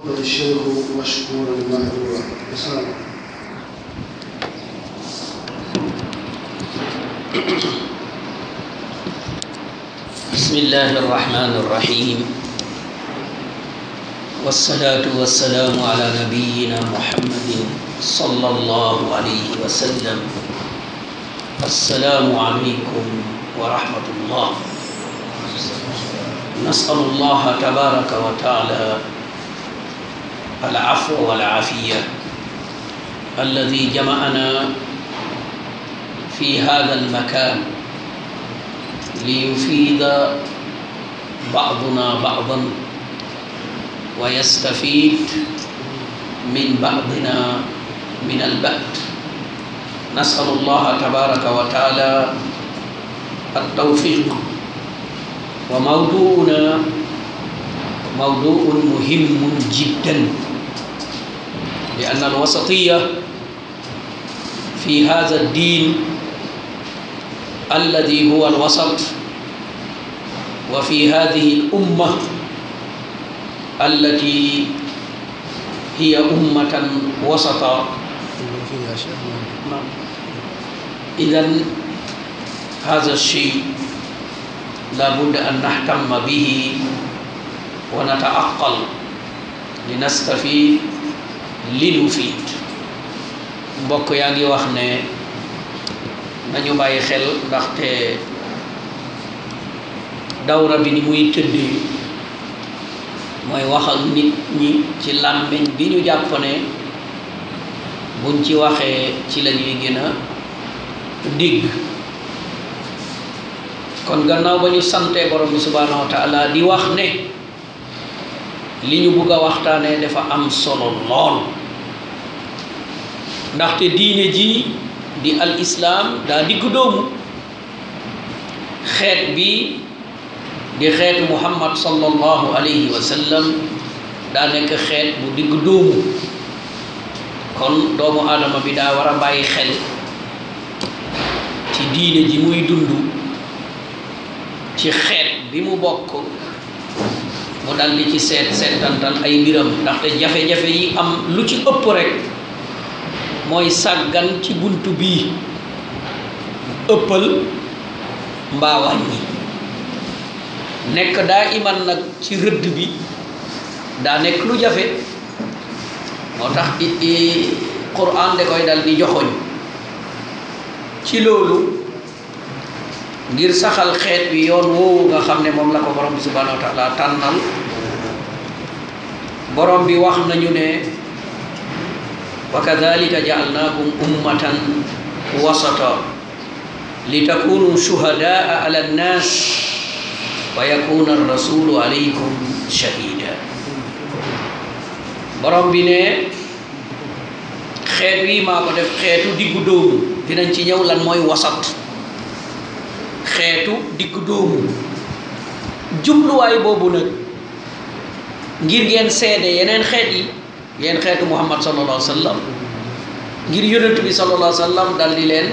الشيخ مشكورا مهجورا وسلام بسم الله الرحمن الرحيم والصلاة والسلام على نبينا محمد صلى الله عليه وسلم السلام عليكم ورحمة الله نسأل الله تبارك وتعالى العفو والعافية الذي جمعنا في هذا المكان ليفيد بعضنا بعضا ويستفيد من بعضنا من البأت نسأل الله تبارك وتعالى التوفيق وموضوعنا موضوع مهم جدا لأن الوسطية في هذا الدين الذي هو الوسط وفي هذه الأمة التي هي أمة وسطا إذا هذا الشيء لابد أن نهتم به ونتعقل لنستفيد lii lu fiit mbokk yaa ngi wax ne nañu bàyyi xel ndaxte dawra bi ni muy tëdd mooy waxal ak nit ñi ci làmmiñ bi ñu jàpp ne buñ ci waxee ci la ñuy gën a digg kon gannaaw ba ñu santee borom bi subhanahu wa di wax ne li ñu bugg a waxtaanee dafa am solo lool ndaxte diine ji di al islaam daa digg doomu xeet bi di xeetu muhammad sallallahu alayhi wa sallam daa nekk xeet bu digg doomu kon doomu aadama bi daa war a bàyyi xel ci diine ji muy dund ci xeet bi mu bokk mu dal di ci seet seetantal ay mbiram ndaxte jafe-jafe yi am lu ci ëpp rekk mooy sàggan ci buntu bi ëppal mbaawaan yi nekk daa iman nag ci rëdd bi daa nekk lu jafe moo tax i quran da koy dal di joxoñ ci loolu ngir saxal xeet bi yoon woowu nga xam ne moom la ko borom bi subhanahu wa taala tànnal borom bi wax nañu ne wa kadalika jaalnaakum ummatan wasata li takunu shuhadaa ala nnaas wa yakuna rasulu shahida borom bi ne xeet wi maa ko def xeetu diggu dóomu dinañ ci ñëw lan mooy wasat xeetu digg doomu jubluwaay boobu nag ngir ngeen seede yeneen xeet yi yéen xeetu muhammad sallallahu alayhi wa ngir yonent bi sallallahu alayhi wa dal di leen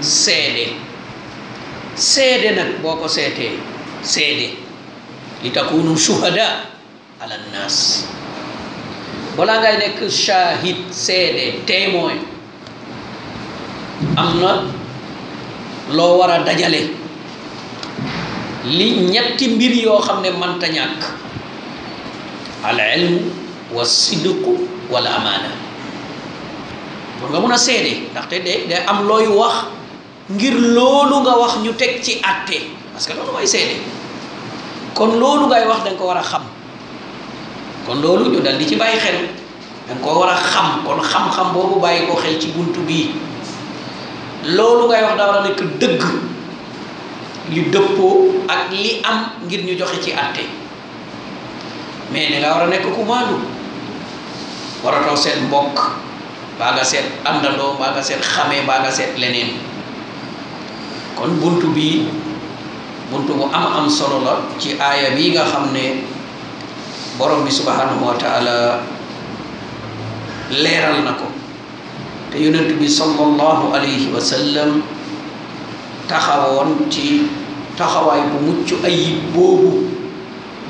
seede seede nag boo ko seetee seede li takunu shuhada ala nnaas balaa ngay nekk shahid seede témoin am na loo war a dajale li ñetti mbir yoo xam ne mënta ñàkk al ilmu wa sidqu wal amaana pour nga mun a seede ndaxte de day am looy wax ngir loolu nga wax ñu teg ci àtte parce que loolu mooy seede kon loolu ngay wax da ko war a xam kon loolu ñu di ci bàyyi xel da nga war a xam kon xam boobu bàyyi ko xel ci bunt bi loolu ngay wax daa war a nekk dëgg li dëppoo ak li am ngir ñu joxe ci àtte mais da nga war a nekk ku maandu waratoo seet mbokk baa nga seet àndandoo baa nga seet xamee baa nga seet leneen kon bunt bi bunt bu am am solo la ci aaya bii nga xam ne borom bi subhanahu wa leeral na ko te yonent bi sallallahu alayhi wa taxawoon ci taxawaay bu mucc ayib boobu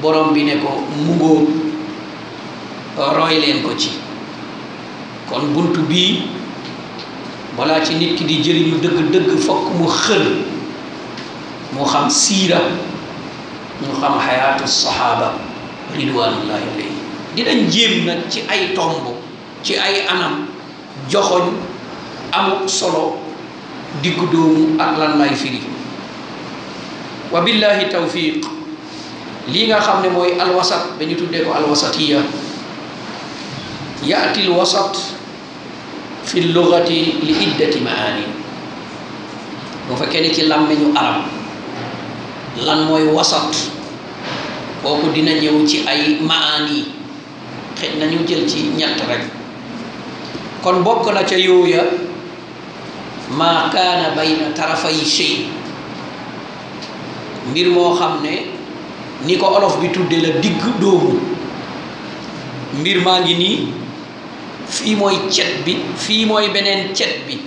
borom bi ne ko mungoo roy leen ko ci kon bunt bii balaa ci nit ki di jëriñu dëgg-dëgg fokk mu xël mu xam siira mu xam xayaatu saxaaba ridwanullahi alayhi dinañ jéem nag ci ay tomb ci ay anam joxoñ amuk solo diggu doomu ak lan lay firi wa billahi tawfiq lii nga xam ne mooy alwasat dañu tuddee ko alwasatiya yaati lwasat fi lugati li iddati maani boo fekkee ne ci làmmeñu arab lan mooy wasat kooku dina ñëw ci ay maani xëj nañu jël ci ñett rek kon bokk na ca yooya maa kaana bayna tarafay shay mbir moo xam ne ni ko olof bi tuddee la digg dóomu mbir maa ngi nii fii mooy cet bi fii mooy beneen cet bi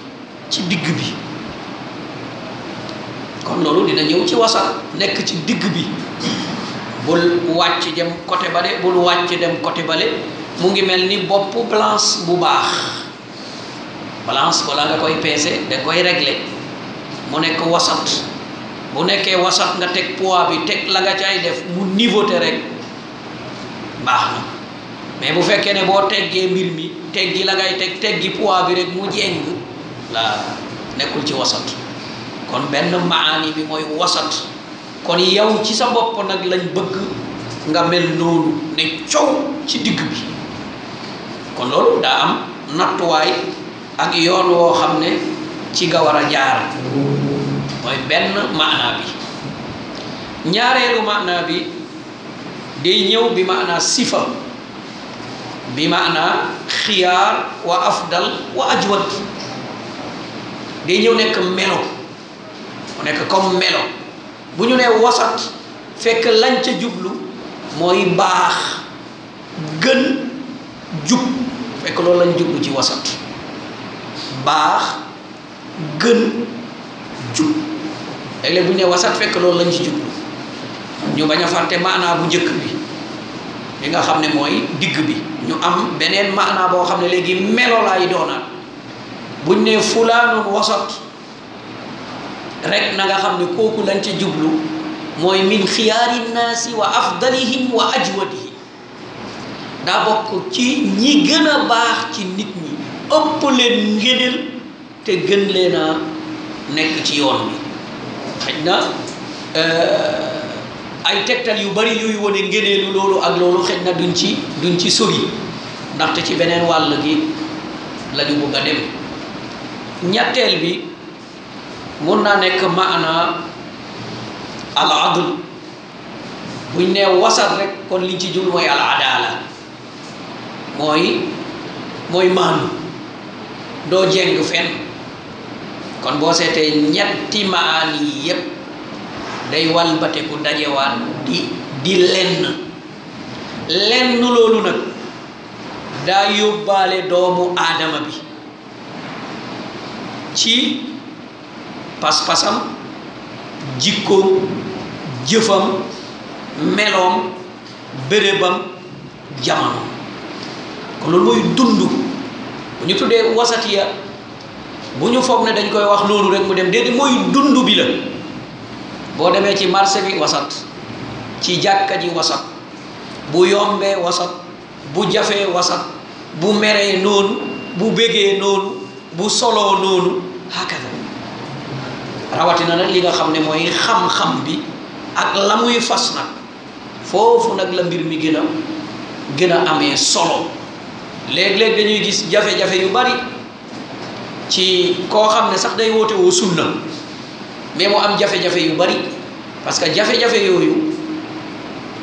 ci digg bi kon loolu dina ñëw ci wasal nekk ci digg bi bul wàcc dem côté bale bul wàcc dem côté bale mu ngi mel ni bopp balance bu baax balance balaa nga koy peese da koy régler mu nekk wasant bu nekkee wasat nga teg poids bi teg la nga cay def mu niveauté rek baax na mais bu fekkee ne boo teggee mbir mi teggi la ngay teg teggi poids bi rek mu jeng la nekkul ci wasat kon benn maani bi mooy wasat kon yow ci sa bopp nag lañ bëgg nga mel noonu ne coow ci digg bi kon loolu daa am nattuwaay ak yoon woo xam ne ci nga war a jaar mooy benn maanaa bi ñaareelu maanaa bi day ñëw bi maanaa sifa bi maanaa xiyaar wa afdal wa ajwad day ñëw nekk melo mu nekk comme melo bu ñu nee wasat fekk lañ ca jublu mooy baax gën jub fekk loolu lañ jublu ci wasat baax gën jub léeg-léeg bu ñu wasat fekk loolu lañ ci jublu ñu bañ a fàtte maanaa bu njëkk bi li nga xam ne mooy digg bi ñu am beneen maanaa boo xam ne léegi melo laay doonaat buñ ne fulaanun wasat rek na nga xam ne kooku lañ ci jublu mooy min xiyaari naasi wa afdalihim wa ajwadihim daa bokk ci ñi gën a baax ci nit ñi ëpp leen ngéneel te gën leen a nekk ci yoon bi xaj na euh, ay tegtal yu bari yuy wane ngëneelu loolu ak loolu xaj na duñ ci duñ ci sori ndaxte ci beneen wàll gi lañu bëgg dem ñetteel bi mun naa nekk maana al adl buñ nee wasat rekk kon liñ ci jul mooy al adala mooy mooy maanu doo jeng fen kon boo seetee ñetti maani yi yépp day walbateku dajewaat di di lenn lenn loolu nag daa yóbbaale doomu aadama bi ci pas-pasam jikkoom jëfam meloom bërëbam jamono kon loolu mooy dund bu ñu tuddee wasatiya bu ñu foog ne dañ koy wax loolu rek mu dem déedéet mooy dund bi la boo demee ci marché bi wasat ci jàkka ji wasat bu yombee wasat bu jafee wasat bu meree noonu bu bëggee noonu bu soloo noonu hakada rawatina nag li nga xam ne mooy xam-xam bi ak la muy fas nag foofu nag la mbir mi gën a gën a amee solo léeg-léeg dañuy gis jafe-jafe yu bari ci koo xam ne sax day woote woo sunna mais mu am jafe-jafe yu bari parce que jafe-jafe yooyu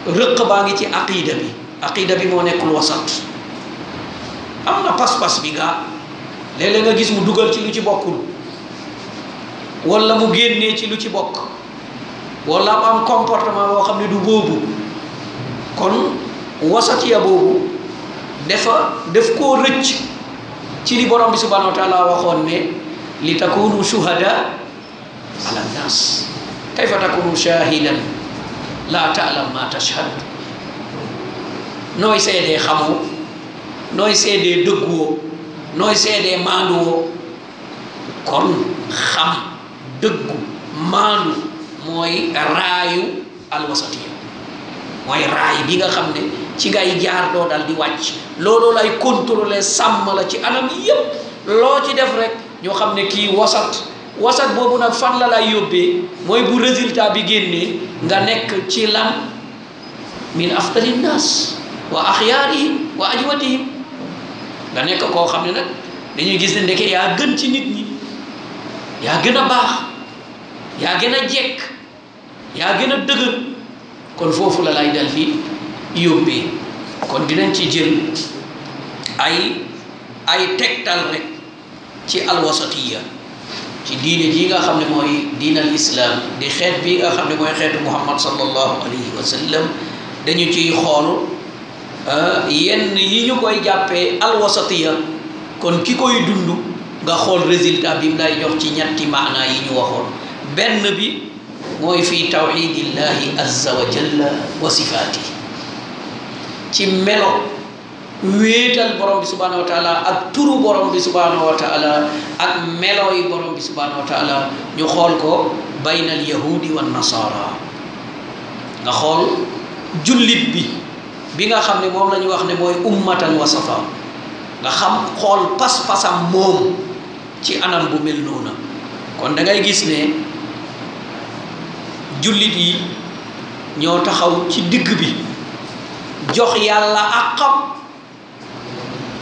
rëq baa ngi ci aqida bi aqida bi moo nekkul wasat am na pas-pas bi gaa léeg-léeg nga gis mu dugal ci lu ci bokkul walla mu génnee ci lu ci bokk wala mu am comportement boo xam ne du boobu kon wasatiya boobu dafa def koo rëcc ci li borom bi subhanahu wa taala waxoon ne li takunu shuhada ala nnas kayfa takunu shahidan laa taalam ma tashhad nooy seedee xamoo nooy seedee dëgguwoo nooy seedee maanduwoo kon xam dëggu maandu mooy raayu alwasatiya mooy raay bi nga xam ne ci ngay jaar doo dal di wàcc looloo lay contrôler sàmm la ci anam yépp loo ci def rek ñoo xam ne kii wasat wasat boobu nag fan la lay yóbbee mooy bu résultat bi génnee nga nekk ci lan min afdali nnaas wa axyaarihim wa ajwadihim nga nekk koo xam ne nag dañuy gis ne ndeke yaa gën ci nit ñi yaa gën a baax yaa gën a jekk yaa gën a dëgër kon foofu la lay dal fii yóbbee kon dinañ ci jël ay ay tegtal rek ci alwasatiya ci diine ji nga xam ne mooy diinal islaam di xeet bi nga xam ne mooy xeetu muhammad sallallahu alayhi wa sallam dañu ciy xool ah, yenn yi ñu koy jàppee alwasatiya kon ki koy dund nga xool résultat bi mu lay jox ci ñetti maana yi ñu waxoon benn bi mooy fii tawxidillahi azza wa jalla wa sifaati ci melo wéetal borom bi subhanahu wa ak turu borom bi subhanahu wa ak melo yi borom bi subhanahu wa ñu xool ko baynal yahudi wa nasara nga xool jullit bi bi nga xam ne moom la wax ne mooy ummatan wasafa nga xam xool pas-pasam moom ci anam bu mel noonu kon dangay gis ne jullit yi ñoo taxaw ci digg bi jox yàlla àqam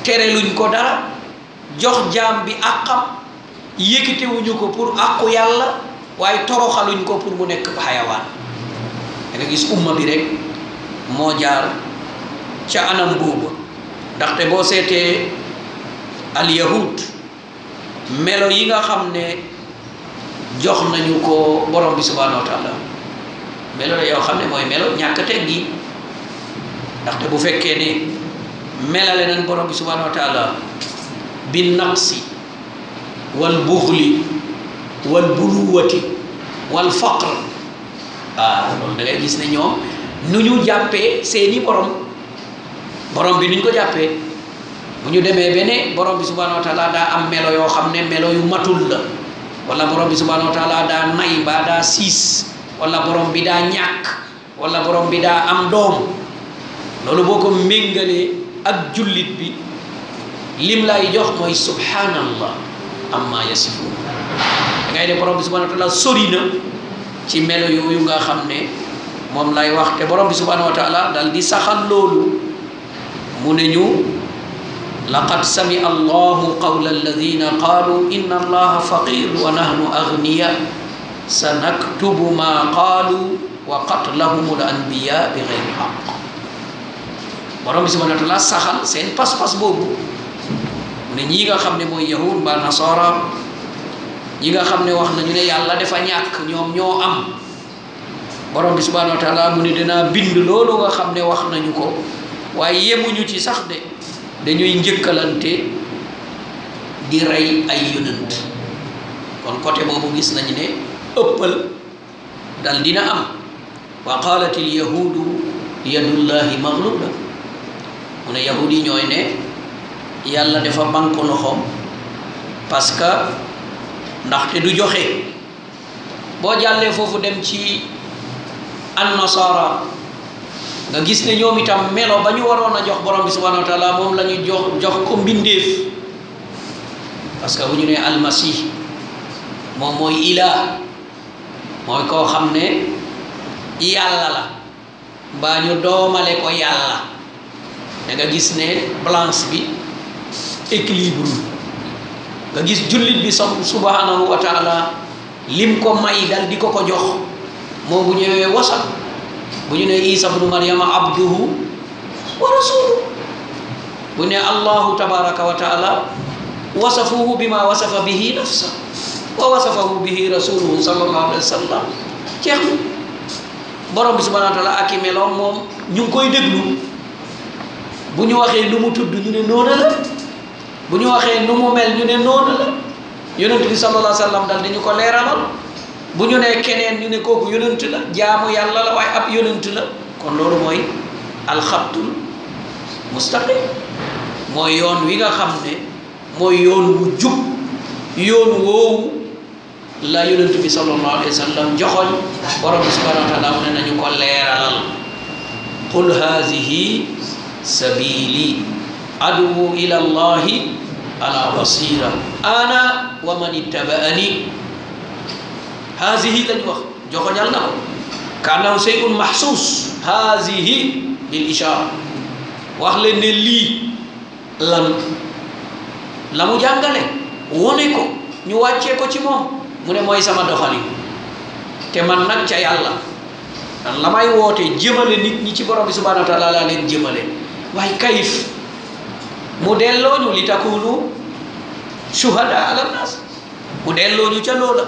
tereluñ ko dara jox jaam bi àqam yëkkitewuñu ko pour àqu yàlla waaye toroxaluñ ko pour mu nekk xayawaan da gis umma bi rek moo jaar ca anam boobu ndaxte boo seetee alyahud melo yi nga xam ne jox nañu ko borom bi subhanahu wa melo la yoo xam ne mooy melo ñàkk teggi ndaxte bu fekkee ne melale nañ borom bi subhanahu wa taala bi naqsi wal buxli wal buluwati wal faqr ah, loolu da gis ne ñoom nu ñu jàppee seeni borom borom bi nu ñu ko jàppee bu ñu demee bene borom bi subhanahu daa am melo yoo xam ne melo yu matul la wala borom bi subhanahu daa nay ba daa siis wala borom bi daa ñàkk walla borom bi daa am doom loolu boo ko méngalee ak jullit bi lim lay jox mooy subhanallah amma yasifun da ngay def borom bi subhanahu ci melo yooyu nga xam ne moom lay wax te borom bi subhanahu wa taala dal di saxal loolu mu ne ñu laqad samia allahu qawla alladina qaalu inna faqir wa nahnu agniya sanaktubu ma qaalu wa qatlahum al bi gayri haq borom bi subhanahu wa taala saxal seen pas-pas boobu mu ne ñii nga xam ne mooy yahud ba nasara ñi nga xam ne wax nañu ne yàlla defa ñàkk ñoom ñoo am borom bi subhanahu wa mu ne dinaa bind loolu nga xam ne wax nañu ko waaye yemuñu ci sax de dañuy njëkkalante di rey ay yonant kon côté boobu gis nañu ne ëppal dal dina am wa qaalat al yahudu yadullahi maglula mu ne yahud yi ñooy ne yàlla defa banque loxoom parce que ndaxte du joxe boo jàllee foofu dem ci annasara nga gis ne ñoom itam melo ba ñu waroon a jox borom bi subhanahu wa taala moom la ñu jox jox ko parce que bu ñu ne mooy ilaa mooy koo xam ne yàlla la mbaa ñu doomale ko yàlla da nga gis ne balance bi équilibre nga gis jullit bi som subhanahu wa lim ko may dal di ko ko jox moo bu ñëwee wasat bu ñu ne isa bnu maryama abduhu wa rasuluhu bu ne allahu tabaraka wa taala wasafuhu bima wasafa bihi nafsa wa wasafahu bihi rasuluhu sallallahu alayhi wa bi subhanahu wa taala ak i meloom moom ñu ngi koy déglu bu ñu waxee nu mu tudd ñu ne noona la bu ñu waxee nu mu mel ñu ne noona la yonent bi sallallahu alayhi wa sallam dal dañu ko leeralal bu ñu nee keneen ñu ne kooku yonent la jaamu yàlla la waaye ab yonent la kon loolu mooy alxabtul mustaqim mooy yoon wi nga xam ne mooy yoon wu jub yoon woowu la yonent bi sallallahu alayhi wa sallam joxoñ bi subhanahu wa ne nañu ko leeralal qul hazihi sabili adu ila llahi ala ana wa man ittabaani haasihi lañ wax joxoñal na ko kaannahu shay'un mahsus haasihi bil ishara wax leen lii lan la mu jàngale wone ko ñu wàccee ko ci moom mu ne mooy sama doxalin te man nag ca yàlla la may woote jëmale ni ñi ci borom bi subhanahu wa leen jëmale waaye kayif mu delloo ñu li takunu shuhada ala nas mu delloo ñu ca loola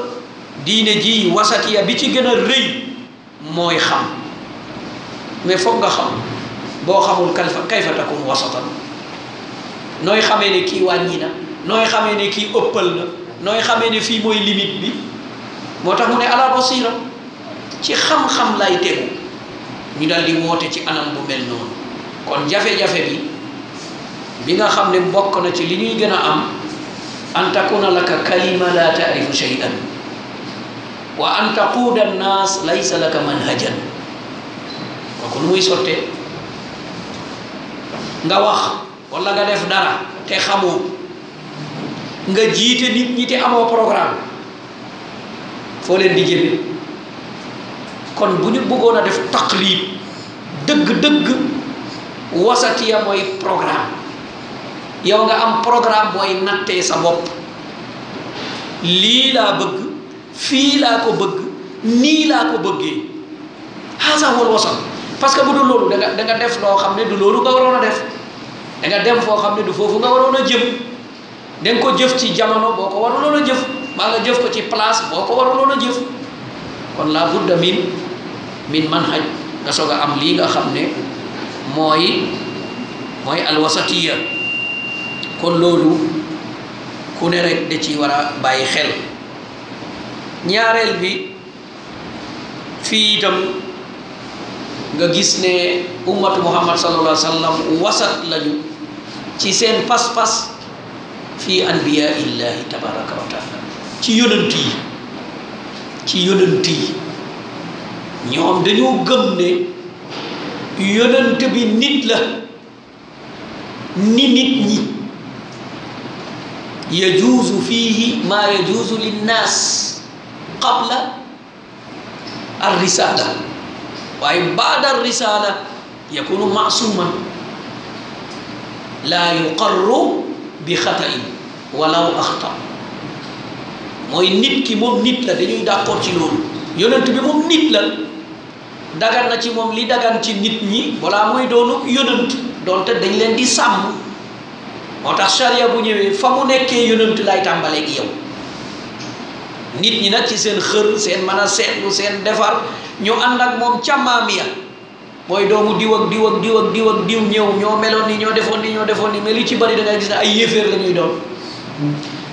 diine ji wasatiya bi ci gën a rëy mooy xam mais foog nga xam boo xamul kayfa kayfa takun wasatan nooy xamee ne kii wàññi na nooy xame ne kii ëppal na nooy xamee ne fii mooy limite bi moo tax mu ne ala basira ci xam-xam lay tegu ñu daal di woote ci anam bu mel noonu kon jafe-jafe bi bi nga xam ne bokk na ci li ñuy gën a am an takuna laka kalima la taarifu shay'an wa an taquuda annaas laysa laka manhajan kooku lu muy sottee nga wax wala nga def dara te xamoo nga jiite nit ñi te amoo programme foo leen di jëme kon bu ñu bëggoon a def taqlib dëgg-dëgg wasatiya mooy programme yow nga am programme booy nattee sa bopp lii laa bëgg fii laa ko bëgg nii laa ko bëggee xaasa wal wasat parce que bu dul loolu da danga def loo xam ne du loolu nga waroon a def danga dem foo xam ne du foofu nga waroon a jëm da ko jëf ci jamono boo ko waruloon a jëf maa nga jëf ko ci place boo ko waruloon a jëf kon la budda min min manhaj nga soog a am lii nga xam ne mooy mooy alwasatiya kon loolu ku ne rek da ci war a bàyyi xel ñaareel bi fii itam nga gis ne ummatu muhammad sallallahu alayhi wasat lañu ci seen pas-pas fii anbiya illahi tabaraka wa ci yonant ci yonant ñoom dañoo gëm ne yonent bi nit la ni nit ñi yajuuzu fiihi maa yajuuzu linnaas qabla ar risaala waaye baada ar risaala yakunu maasuman laa yuqarru bi xatain walaw axta mooy nit ki moom nit la dañuy d'accord ci loolu yonent bi moom nit la dagan na ci moom li dagan ci nit ñi balaa mooy doonu doon doonte dañ leen di sàmm moo tax charia bu ñëwee fa mu nekkee yonant lay tàmbaleeg yow nit ñi nag ci seen xër seen man a seetlu seen defar ñu ànd ak moom càmmaam ya mooy doomu diw ak diw ak diw ak diw ak diw ñëw ñoo meloon ni ñoo defoon ni ñoo defoon ni mais li ci bari da ngay gis ne ay yéeféer la ñuy doon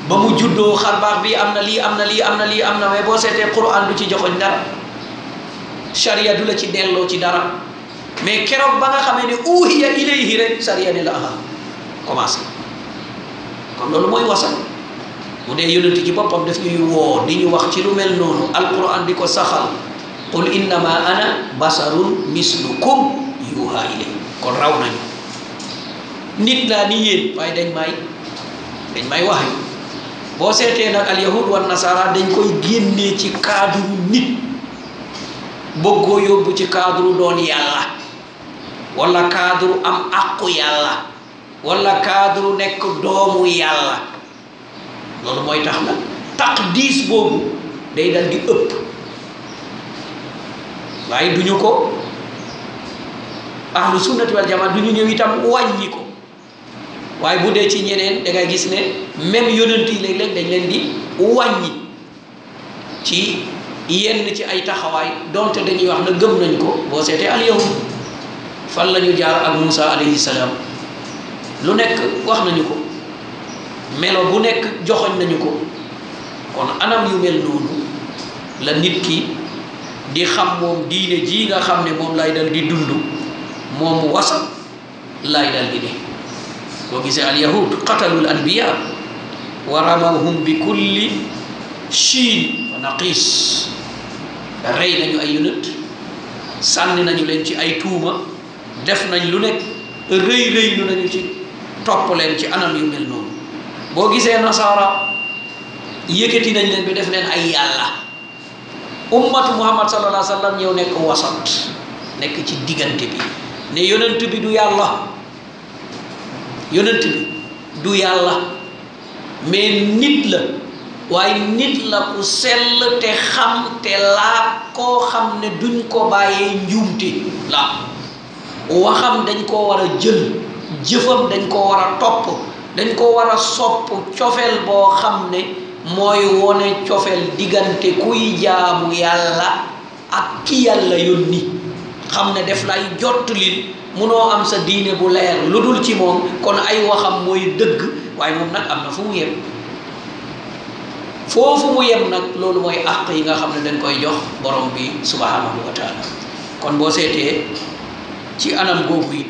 ba mu juddoo xarbaax bi am na lii am na lii am na lii am na mais boo seetee quran du ci joxoñ dara charia du la ci delloo ci dara mais keroog ba nga xamee ne uuhiya ilayhi rek charia ne la aha commencé kon loolu mooy wasal mu dee yonent ci boppam daf ñuy woo di ñu wax ci lu mel noonu alquran di ko saxal qul innama ana basarun mislukum yuha ilay kon raw nañu nit laa ni yéen waaye dañ may dañ may wax yi boo seetee nag al yahud wa nasara dañ koy génnee ci cadre nit bëgg koo yóbbu ci cadre doon yàlla wala cadre am àqu yàlla wala cadre nekk doomu yàlla loolu mooy tax na taqdiis boobu day dal di ëpp waaye duñu ko ahlu sunnati wal jamaa duñu ñu ñëw itam wàññi ko waaye bu dee ci ñeneen da gis ne même yonent yi léeg dañ leen di wàññi ci yenn ci ay taxawaay donte dañuy wax na gëm nañ ko boo seetee alyahud fan lañu ñu jaar ak Musa alayhi salaam lu nekk wax nañu ko melo bu nekk joxoñ nañu ko kon anam yu mel noonu la nit ki di xam moom diine ji nga xam ne moom lay dal di dund moom wasal lay dal di ne boo gisee alyahud qatalul anbiya wa ramawhum bi kulli chiin wa naqis rey nañu ay yonent sànni nañu leen ci ay tuuma def nañ lu nekk rëy rëy nañu ci topp leen ci anam yu mel noonu boo gisee nasaara yëkkati nañ leen bi def leen ay yàlla ummatu muhammad sallallahu alayhi ñëw nekk wasat nekk ci diggante bi ne yonent bi du yàlla yonent bi du yàlla mais nit la waaye nit la ku sell te xam te laab koo xam ne duñ ko bàyyee njuumte la waxam dañ koo war a jël jëfam dañ koo war a topp dañ ko war a sopp cofeel boo xam ne mooy wone cofeel diggante kuy jaamu yàlla ak ki yàlla yónni xam ne def lay jottulil munoo am sa diine bu leer lu dul ci moom kon ay waxam mooy dëgg waaye moom nag am na fu mu yem foofu mu yem nag loolu mooy àq yi nga xam ne dañ koy jox borom bi subhanahu kon boo seetee ci anam googu yi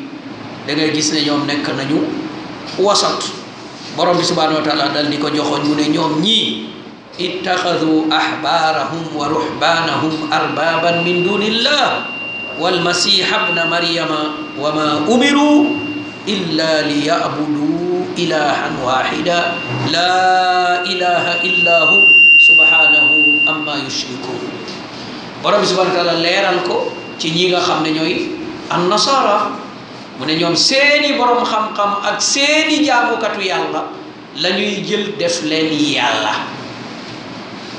da ngay gis ne ñoom nekk nañu wasat borom bi subhanahu wa taala di ko joxoon mu ne ñoom ñii ittaxadu ahbaarahum wa ruhbaanahum arbaaban min dunillah walmasiha bna maryama wa umiru illa li ilahan wahida laa ilaha illa hu subhanahu amma yushrikun borom bi subhanahu wa taala leeral ko ci ñi nga xam ne ñooy an nasara mu ne ñoom seeni borom ak seeni jaamukatu yàlla la ñuy jël def leen yàlla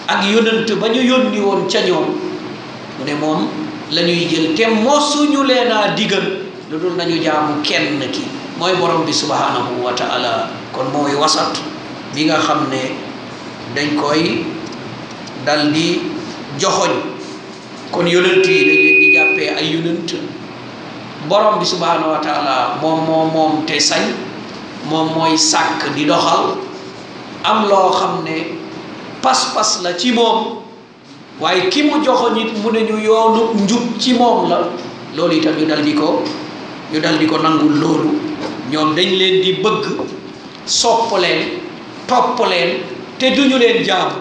ak yonent ba ñu yónni woon ca ñoom ne moom lañuy jël te mosuñu leen a digal lu dul nañu jaamu kenn ki mooy borom bi subhanahu wa ta'ala kon mooy wasat bi nga xam ne dañ koy dal di joxoñ kon yonent yi dañ leen di jàppee ay yonent borom bi subhanahu wa ta'ala moom moom te sañ moom mooy sàkk di doxal am loo xam ne pas-pas la ci moom waaye ki mu joxoñ mu ne ñu yoonu njub ci moom la loolu itam ñu dal ko ñu dal di ko nangul loolu ñoom dañ leen di bëgg sopp leen topp leen te duñu leen jaamu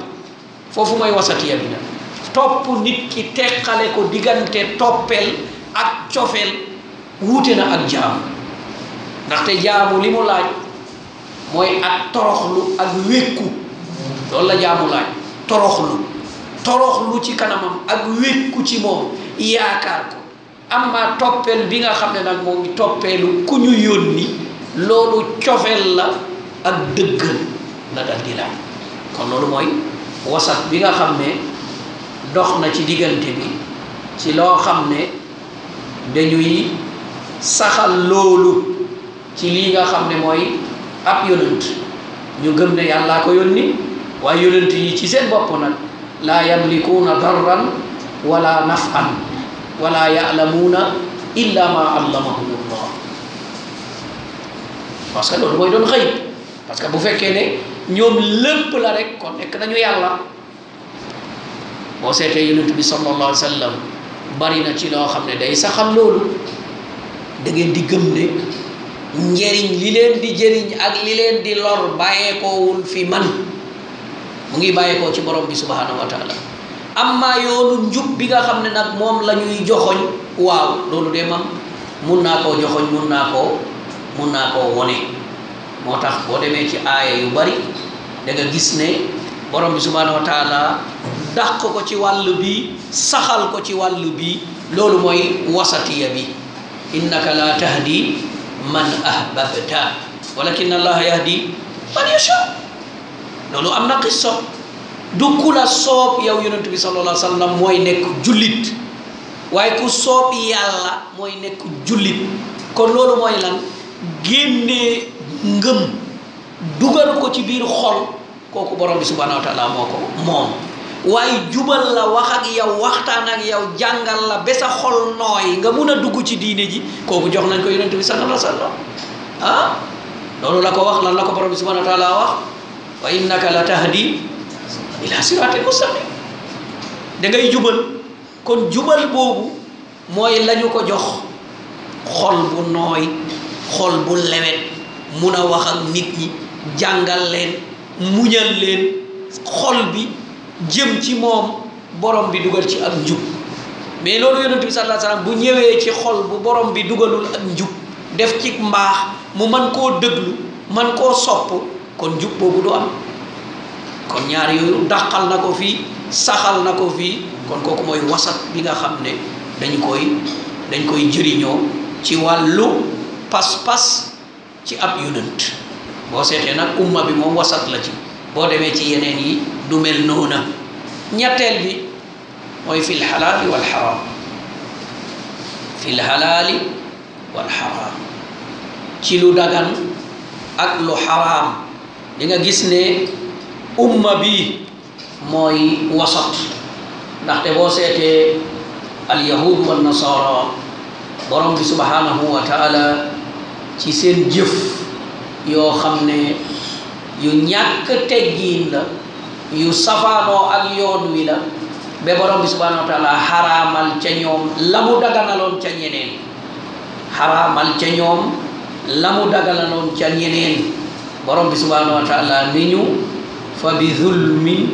foofu mooy wasatiya bi nag topp nit ki teqale ko diggante toppeel ak cofeel wuute na ak jaamu ndaxte jaamu li mu laaj mooy ak toroxlu ak wékku loolu la jaamu laaj toroxlu toroxlu ci kanamam ak wékku ci moom yaakaar amma toppeel bi nga xam ne nag moom toppeelu ku ñu yónni loolu cofeel la ak dëggal la dal di kon loolu mooy wasat bi nga xam ne dox na ci diggante bi ci loo xam ne dañuy saxal loolu ci lii nga xam ne mooy ab yonent ñu gëm ne yàllaa ko yónni waaye yonent yi ci seen bopp nag laa yamlikuuna walla wala naf'an wala yaalamuuna illa ma allamahumullah parce que loolu mooy doon xëy parce que bu fekkee ne ñoom lépp la rek kon nekk nañu yàlla boo seetee yonent bi sallallahu alayhi wa bari na ci loo xam ne day saxal loolu dangeen di gëm ne njëriñ li leen di jëriñ ak li leen di lor bàyyeekoowul fi man mu ngi bàyyeekoo ci borom bi subhanahu wa taala amma yoonu njub bi nga xam ne nag moom la ñuy joxoñ waaw loolu de mam mun naa koo joxoñ mun naa koo mun naa koo wone moo tax boo demee ci aaya yu bari danga gis ne borom bi subhanahu wa taala dàq ko ci wàll bi saxal ko ci wàll bi loolu mooy wasatiya bi innaka la tahdi man ahbabta walakin allaha yahdi man yasha loolu am na xisso du ku la soob yow yonent bi sallallahu alayhi wa mooy nekk jullit waaye ku soob yàlla mooy nekk jullit kon loolu mooy lan génnee ngëm dugal ko ci biir xol kooku borom bi subhanahu wa taala moo ko moom waaye jubal la wax ak yow waxtaan ak yow jàngal la ba sa xol nooy nga mun a dugg ci diine ji kooku jox nañ ko yonent bi sallallahu alayhi ah? loolu la ko wax lan la ko borom bi subhanahu wa taala wax wa innaka la tahdi si siraatil mustaqim da ngay jubal kon jubal boobu mooy lañu ko jox xol bu nooy xol bu lewet mun a wax ak nit ñi jàngal leen muñal leen xol bi jëm ci moom borom bi dugal ci ak njub mais loolu yonent bi sallallahu alayhi bu ñëwee ci xol bu borom bi dugalul ak njub def ci mbaax mu man koo dëglu man koo sopp kon njub boobu du am kon ñaar yooyu dàqal na ko fii saxal na ko fii kon kooku mooy wasat bi nga xam ne dañ koy dañ koy jëriñoo ci wàllu pas-pas ci ab yonent boo seetee nag umma bi moom wasat la ci boo demee ci yeneen yi du mel noona ñetteel bi mooy fil xalaali wal xaraam fil xalaali wal xaraam ci lu dagan ak lu xaraam di gis ne umma bii mooy wasat ndaxte boo seetee alyahud wa nasara borom bi subhanahu wa ci seen jëf yoo xam ne yu ñàkk teggiin la yu safaanoo ak yoon wi la ba borom subhanahu wa taala xaraamal ca ñoom la mu daganaloon ca ñeneen xaraamal ca ñoom la mu daganaloon ca ñeneen borom bi subhanahu wa ni ñu fa bi zulmin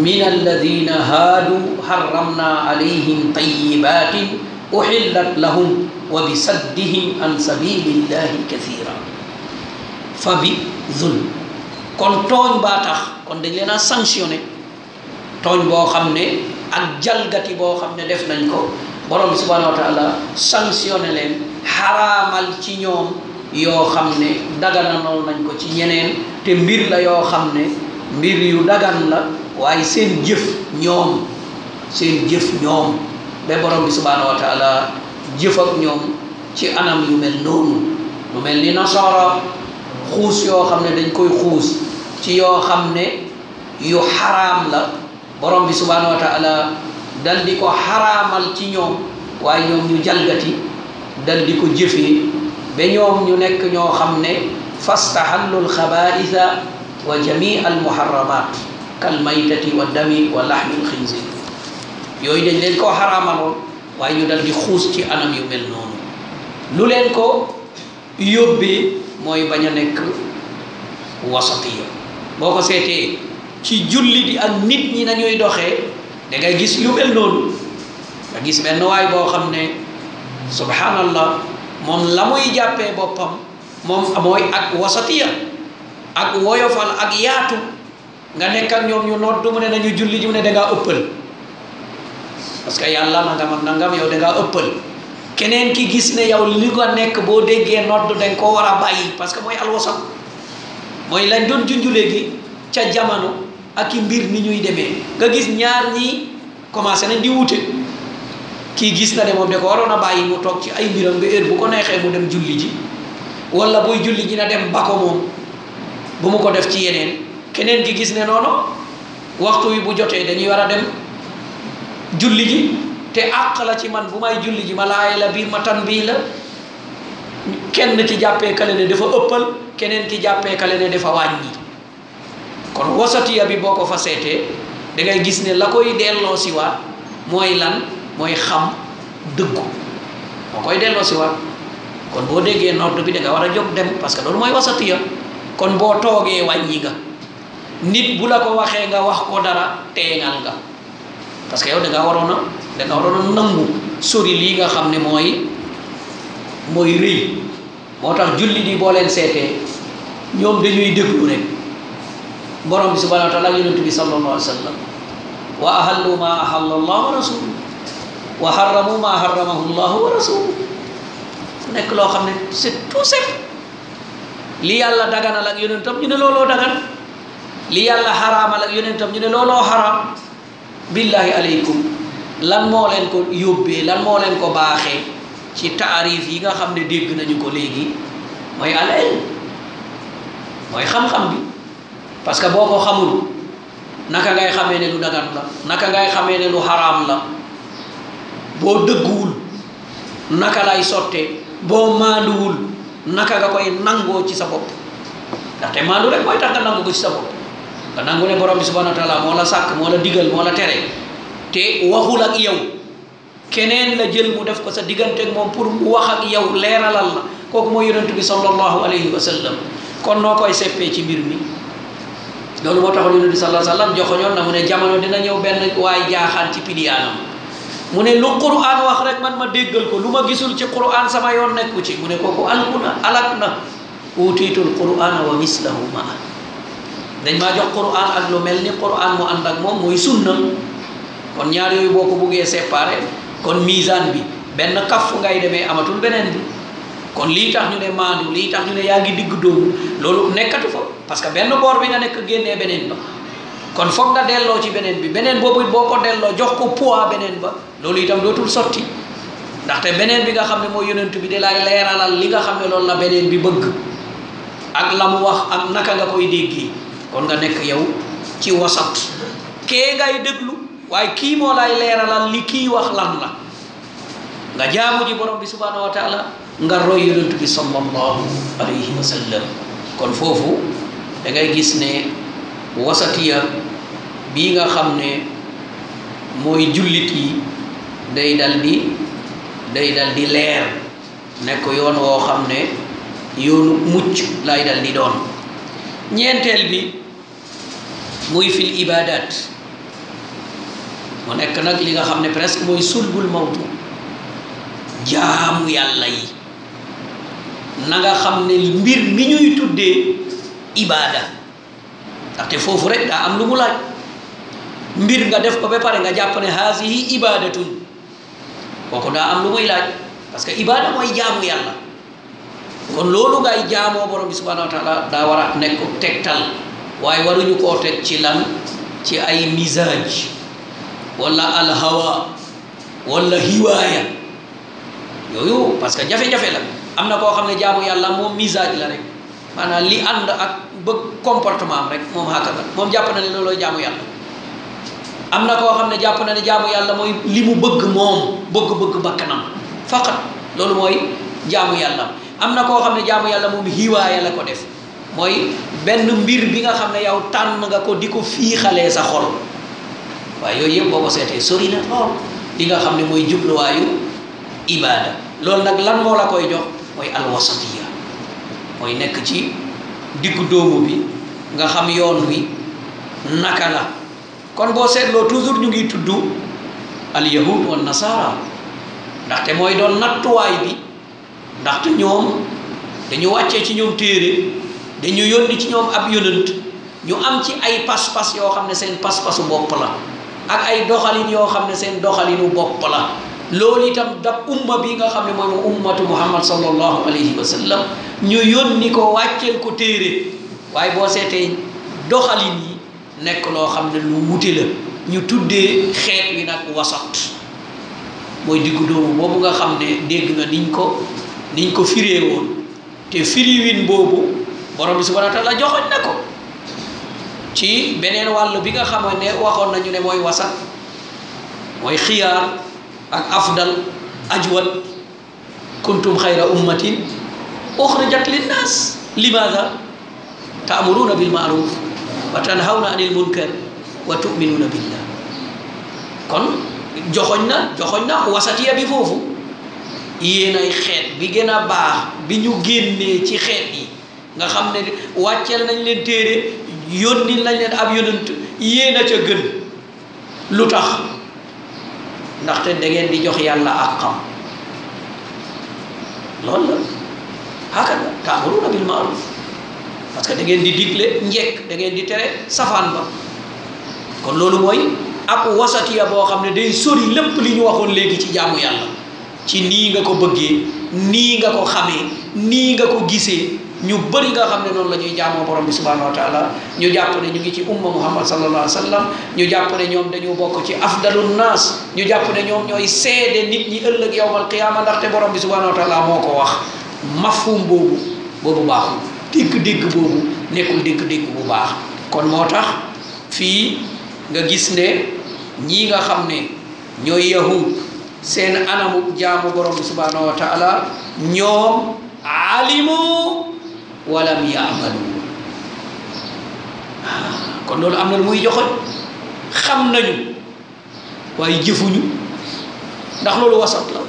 min alladina haadu xaramna alayhim tayibatin uxillat lahum wa bi saddihim an sabilillahi kathira fa bi zulm kon tooñ baa tax kon dañ leen a sanctionné tooñ boo xam ne ak jalgati boo xam ne def nañ ko borom bi subhanahu wa taala sanctionné leen xaraamal ci ñoom yoo xam ne dagananoon nañ ko ci ñeneen te mbir la yoo xam ne mbir yu dagan la waaye seen jëf ñoom seen jëf ñoom ba borom bi subhaanahu wa taala ak ñoom ci anam yu mel noonu lu mel ni nasaara xuus yoo xam ne dañ koy xuus ci yoo xam ne yu xaraam la borom bi subhaanahu wa taala ko xaraamal ci ñoom waaye ñoom ñu jalgati daldi ko jëfee ba ñoom ñu nekk ñoo xam ne fasta fastaxallul xabaisa wa jamii al muharramaat kal maytati wa dami wa lahmil xinzir dañ leen koo xaraamaloon waaye ñu dal di xuus ci anam yu mel noonu lu leen ko yóbbee mooy bañ a nekk wasatiya boo ko seetee ci jullit yi ak nit ñi nañuy doxee da ngay gis lu mel noonu nga gis benn waay boo xam ne subhanallah moom la muy jàppee boppam moom mooy ak wasatiya ak woyofal ak yaatu nga nekk ñoom ñu noot du mu ne nañu julli ji mu ne dangaa ëppal parce que yàlla nangam ak nangam yow dangaa ëppal keneen ki gis ne yow li nga nekk boo déggee noot dañ koo war a bàyyi parce que mooy alwasam mooy lañ doon junj léegi ca jamono ak i mbir ni ñuy demee nga gis ñaar ñi commencé nañ di wute kii gis na de moom da ko waroon a bàyyi mu toog ci ay mbiram ba heure bu ko neexee mu dem julli ji wala buy julli ji na dem ba ko moom. bu mu ko def ci yeneen keneen gi gis ne noonu waxtu wi bu jotee dañuy war a dem julli ji te àq la ci man bu may julli ji ma laay la biir ma tan bii la kenn ki jàppee kale ne dafa ëppal keneen ki jàppee kale ne dafa wàññi kon wasatiya bi boo ko fa seetee dangay gis ne la koy delloo si waat mooy lan mooy xam dëggu moo koy delloo si waat kon boo déggee nodd bi da war a jóg dem parce que loolu mooy wasatiya kon boo toogee wàññi nga nit bu la ko waxee nga wax ko dara teengal nga parce que yow da waroon a da nga waroon a nangu sori lii nga xam ne mooy mooy rëy moo tax jullit di boo leen seetee ñoom dañuy déglu rek borom bi subhanahu wa taala yonent bi sallallahu alayhi wa sallam wa ahallu ma ahalla allah wa rasuluhu wa harramu ma harramahu allah wa rasuluhu nekk loo xam ne c'est tout li yàlla dagana la ak yonentam ñu ne looloo dagan li yàlla xaraamal ak yonentam ñu ne looloo xaraam billahi aleykum lan moo leen ko yóbbee lan moo leen ko baaxee ci taarif yi nga xam ne dégg nañu ko léegi mooy al ilm mooy xam-xam bi parce que boo ko xamul naka ngay xame ne lu dagan la naka ngay xamee ne lu xaraam la boo dëgguwul naka lay sottee boo maanduwul naka nga koy nangoo ci sa bopp ndaxte maandu rek mooy tax nga nangu ko ci sa bopp nga nangu ne borom bi subhanahu wa moo la sàkk moo la diggal moo la tere te waxul ak yow keneen la jël mu def ko sa diggante ak moom pour mu wax ak yow leeralal la kooku moo yonent bi sallallahu alayhi wa kon noo koy seppee ci mbir mi loolu moo tax yonent bi sallallahu alayhi wa sallam joxoñoon na mu ne jamono dina ñëw benn waaye jaaxaan ci piliyaanam mu ne lu Qur'an wax rek man ma déggal ko lu ma gisul ci Qur'an sama yoon nekku ci mu ne kooku alku na alak na utiitul Qur'ana wa mislahu ma dañ ma jox Qur'an ak lu mel ni Qur'an mu ànd ak moom mooy sunna kon ñaar yooyu boo ko buggee séparé kon misaan bi benn kaf ngay demee amatul beneen bi kon lii tax ñu ne maandu lii tax ñu ne yaa ngi digg dóomu loolu nekkatu fa parce que benn boor bi nga nekk génnee beneen ba kon foog nga delloo ci beneen bi beneen boobu boo ko delloo jox ko poids beneen ba loolu itam dootul sotti ndaxte beneen bi nga xam ne mooy yonent bi di lay leeralal li nga xam ne loolu la beneen bi bëgg ak la mu wax ak naka nga koy déggee kon nga nekk yow ci wasat kee ngay déglu waaye kii moo lay leeralal li kii wax lan la nga jaamu ji borom bi subhanahu wa taala nga roy yonent bi sallallahu alayhi wa kon foofu da gis ne wasatiya bii nga xam ne mooy jullit yi day dal day dal di leer nekk yoon woo xam ne yoonu mucc lay dal di doon ñeenteel bi muy fil ibadat mu nekk nag li nga xam ne presque mooy sulbul mawtu jaamu yàlla yi na nga xam ne mbir mi ñuy tuddee ibada ndaxte foofu rek daa am lu mu laaj mbir nga def ko ba pare nga jàpp ne haasihi ibadatun kooku daa am lu muy laaj parce que ibada mooy jaamu kon loolu jaamoo borom bi subhanahu wa daa war a nekk tegtal waaye waruñu koo teg ci lan ci ay misaaj wala alhawa wala hiwaaya yooyu parce que jafe-jafe la am na koo xam ne jaamu yàlla moom misaaj la rek ba comportement am rek moom hakata moom jàpp na ne loolooy jaamu yàlla am na koo xam ne jàpp na ne jàmm yàlla mooy li mu bëgg moom bëgg-bëgg bakkanam faqat loolu mooy jaamu yàlla am na koo xam ne jaamu yàlla moom hiwaaya la ko def mooy benn mbir bi nga xam ne yow tànn nga ko di ko fiixalee sa xol waaye yooyu yëpp boo ko seetee sori na lool li nga xam ne mooy jubluwaayu ibaada loolu nag lan moo la koy jox mooy alwasatiya mooy nekk ci diggu dóomu bi nga xam yoon wi naka la kon boo seetloo toujours ñu ngi tudd al yahud wa nasara ndaxte mooy doon nattuwaay bi ndaxte ñoom dañu wàccee ci ñoom téere dañu yónni ci ñoom ab yonant ñu am ci ay pas-pas yoo xam ne seen pas-pasu bopp la ak ay doxalin yoo xam ne seen doxalinu bopp la loolu itam dab umma bi nga xam ne mooy ummatu muhammad sallallahu alayhi wa sallam ñu yónni ko wàcceel ko téere waaye boo seetee doxalin yi nekk loo xam ne lu wuti la ñu tuddee xeet wi nag wasat mooy diggu doomu boobu nga xam ne dégg nga niñ ko niñ ko firee woon te firiwin boobu borom bi subhanahu wa taala joxoñ na ko ci beneen wàll bi nga xam ne waxoon nañu ne mooy wasat mooy xiyaar ak afdal ajwad kuntum xayra ummatin uxrijat linnaas limaada taamuruuna bil maaruf wa tanhawna anil munkar wa tuminuuna kon joxoñ na joxoñ na wasatiya bi foofu yéen ay xeet bi bi ñu génnee ci xeet yi nga xam ne wàcceel nañ leen téere yónni ca gën lu tax ndaxte da ngeen di jox yàlla ak xam lool la hakada taamuruna bil maaruf parce que da di digle njekk da ngeen di tere safaan ba kon loolu mooy ak wasatiya boo xam ne day sori lépp li ñu waxoon léegi ci jaamu yàlla ci nii nga ko bëggee nii nga ko xamee nii nga ko gisee ñu bëri nga xam ne noonu la ñuy jaamoo borom bi subhanahu wa ñu jàpp ne ñu ngi ci umma muhammad sallallahu alayhi wa ñu jàpp ne ñoom dañu bokk ci afdalun nas ñu jàpp ne ñoom ñooy seede nit ñi ëllëg yowmal qiyaama ndaxte borom bi subhanahu wa taala moo ko wax mafhum boobu boobu baaxul dégg-dégg boobu nekkul dégg-dégg bu baax kon moo tax fii nga gis ne ñii nga xam ne ñooy yahud seen anamu jaamu borom bi subhanahu wa ñoom alimu walam yaamalu ah, loolu am na lu muy joxoñ xam nañu waaye jëfuñu ndax loolu wasat la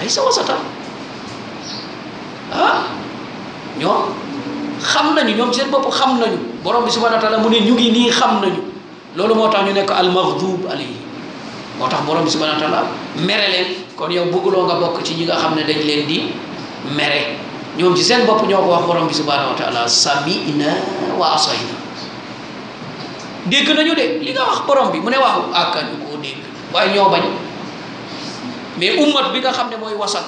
ay sa wasata ah ñoom xam nañu ñoom seen bopp xam nañu borom bi subhanahu wa taala mu ne ñu ngi nii xam nañu loolu moo tax ñu nekk almaghdub alayhi moo tax borom bi subhanahu wa taala mere leen kon yow bëgguloo nga bokk ci ñi nga xam ne dañ leen di mere ñoom ci seen bopp ñoo ko wax borom bi subhanahu wa taala sami'na wa asayna dégg nañu de li nga wax borom bi mu ne waaw akkañu koo dégg waaye ñoo bañ mais ummat bi nga xam ne mooy wasal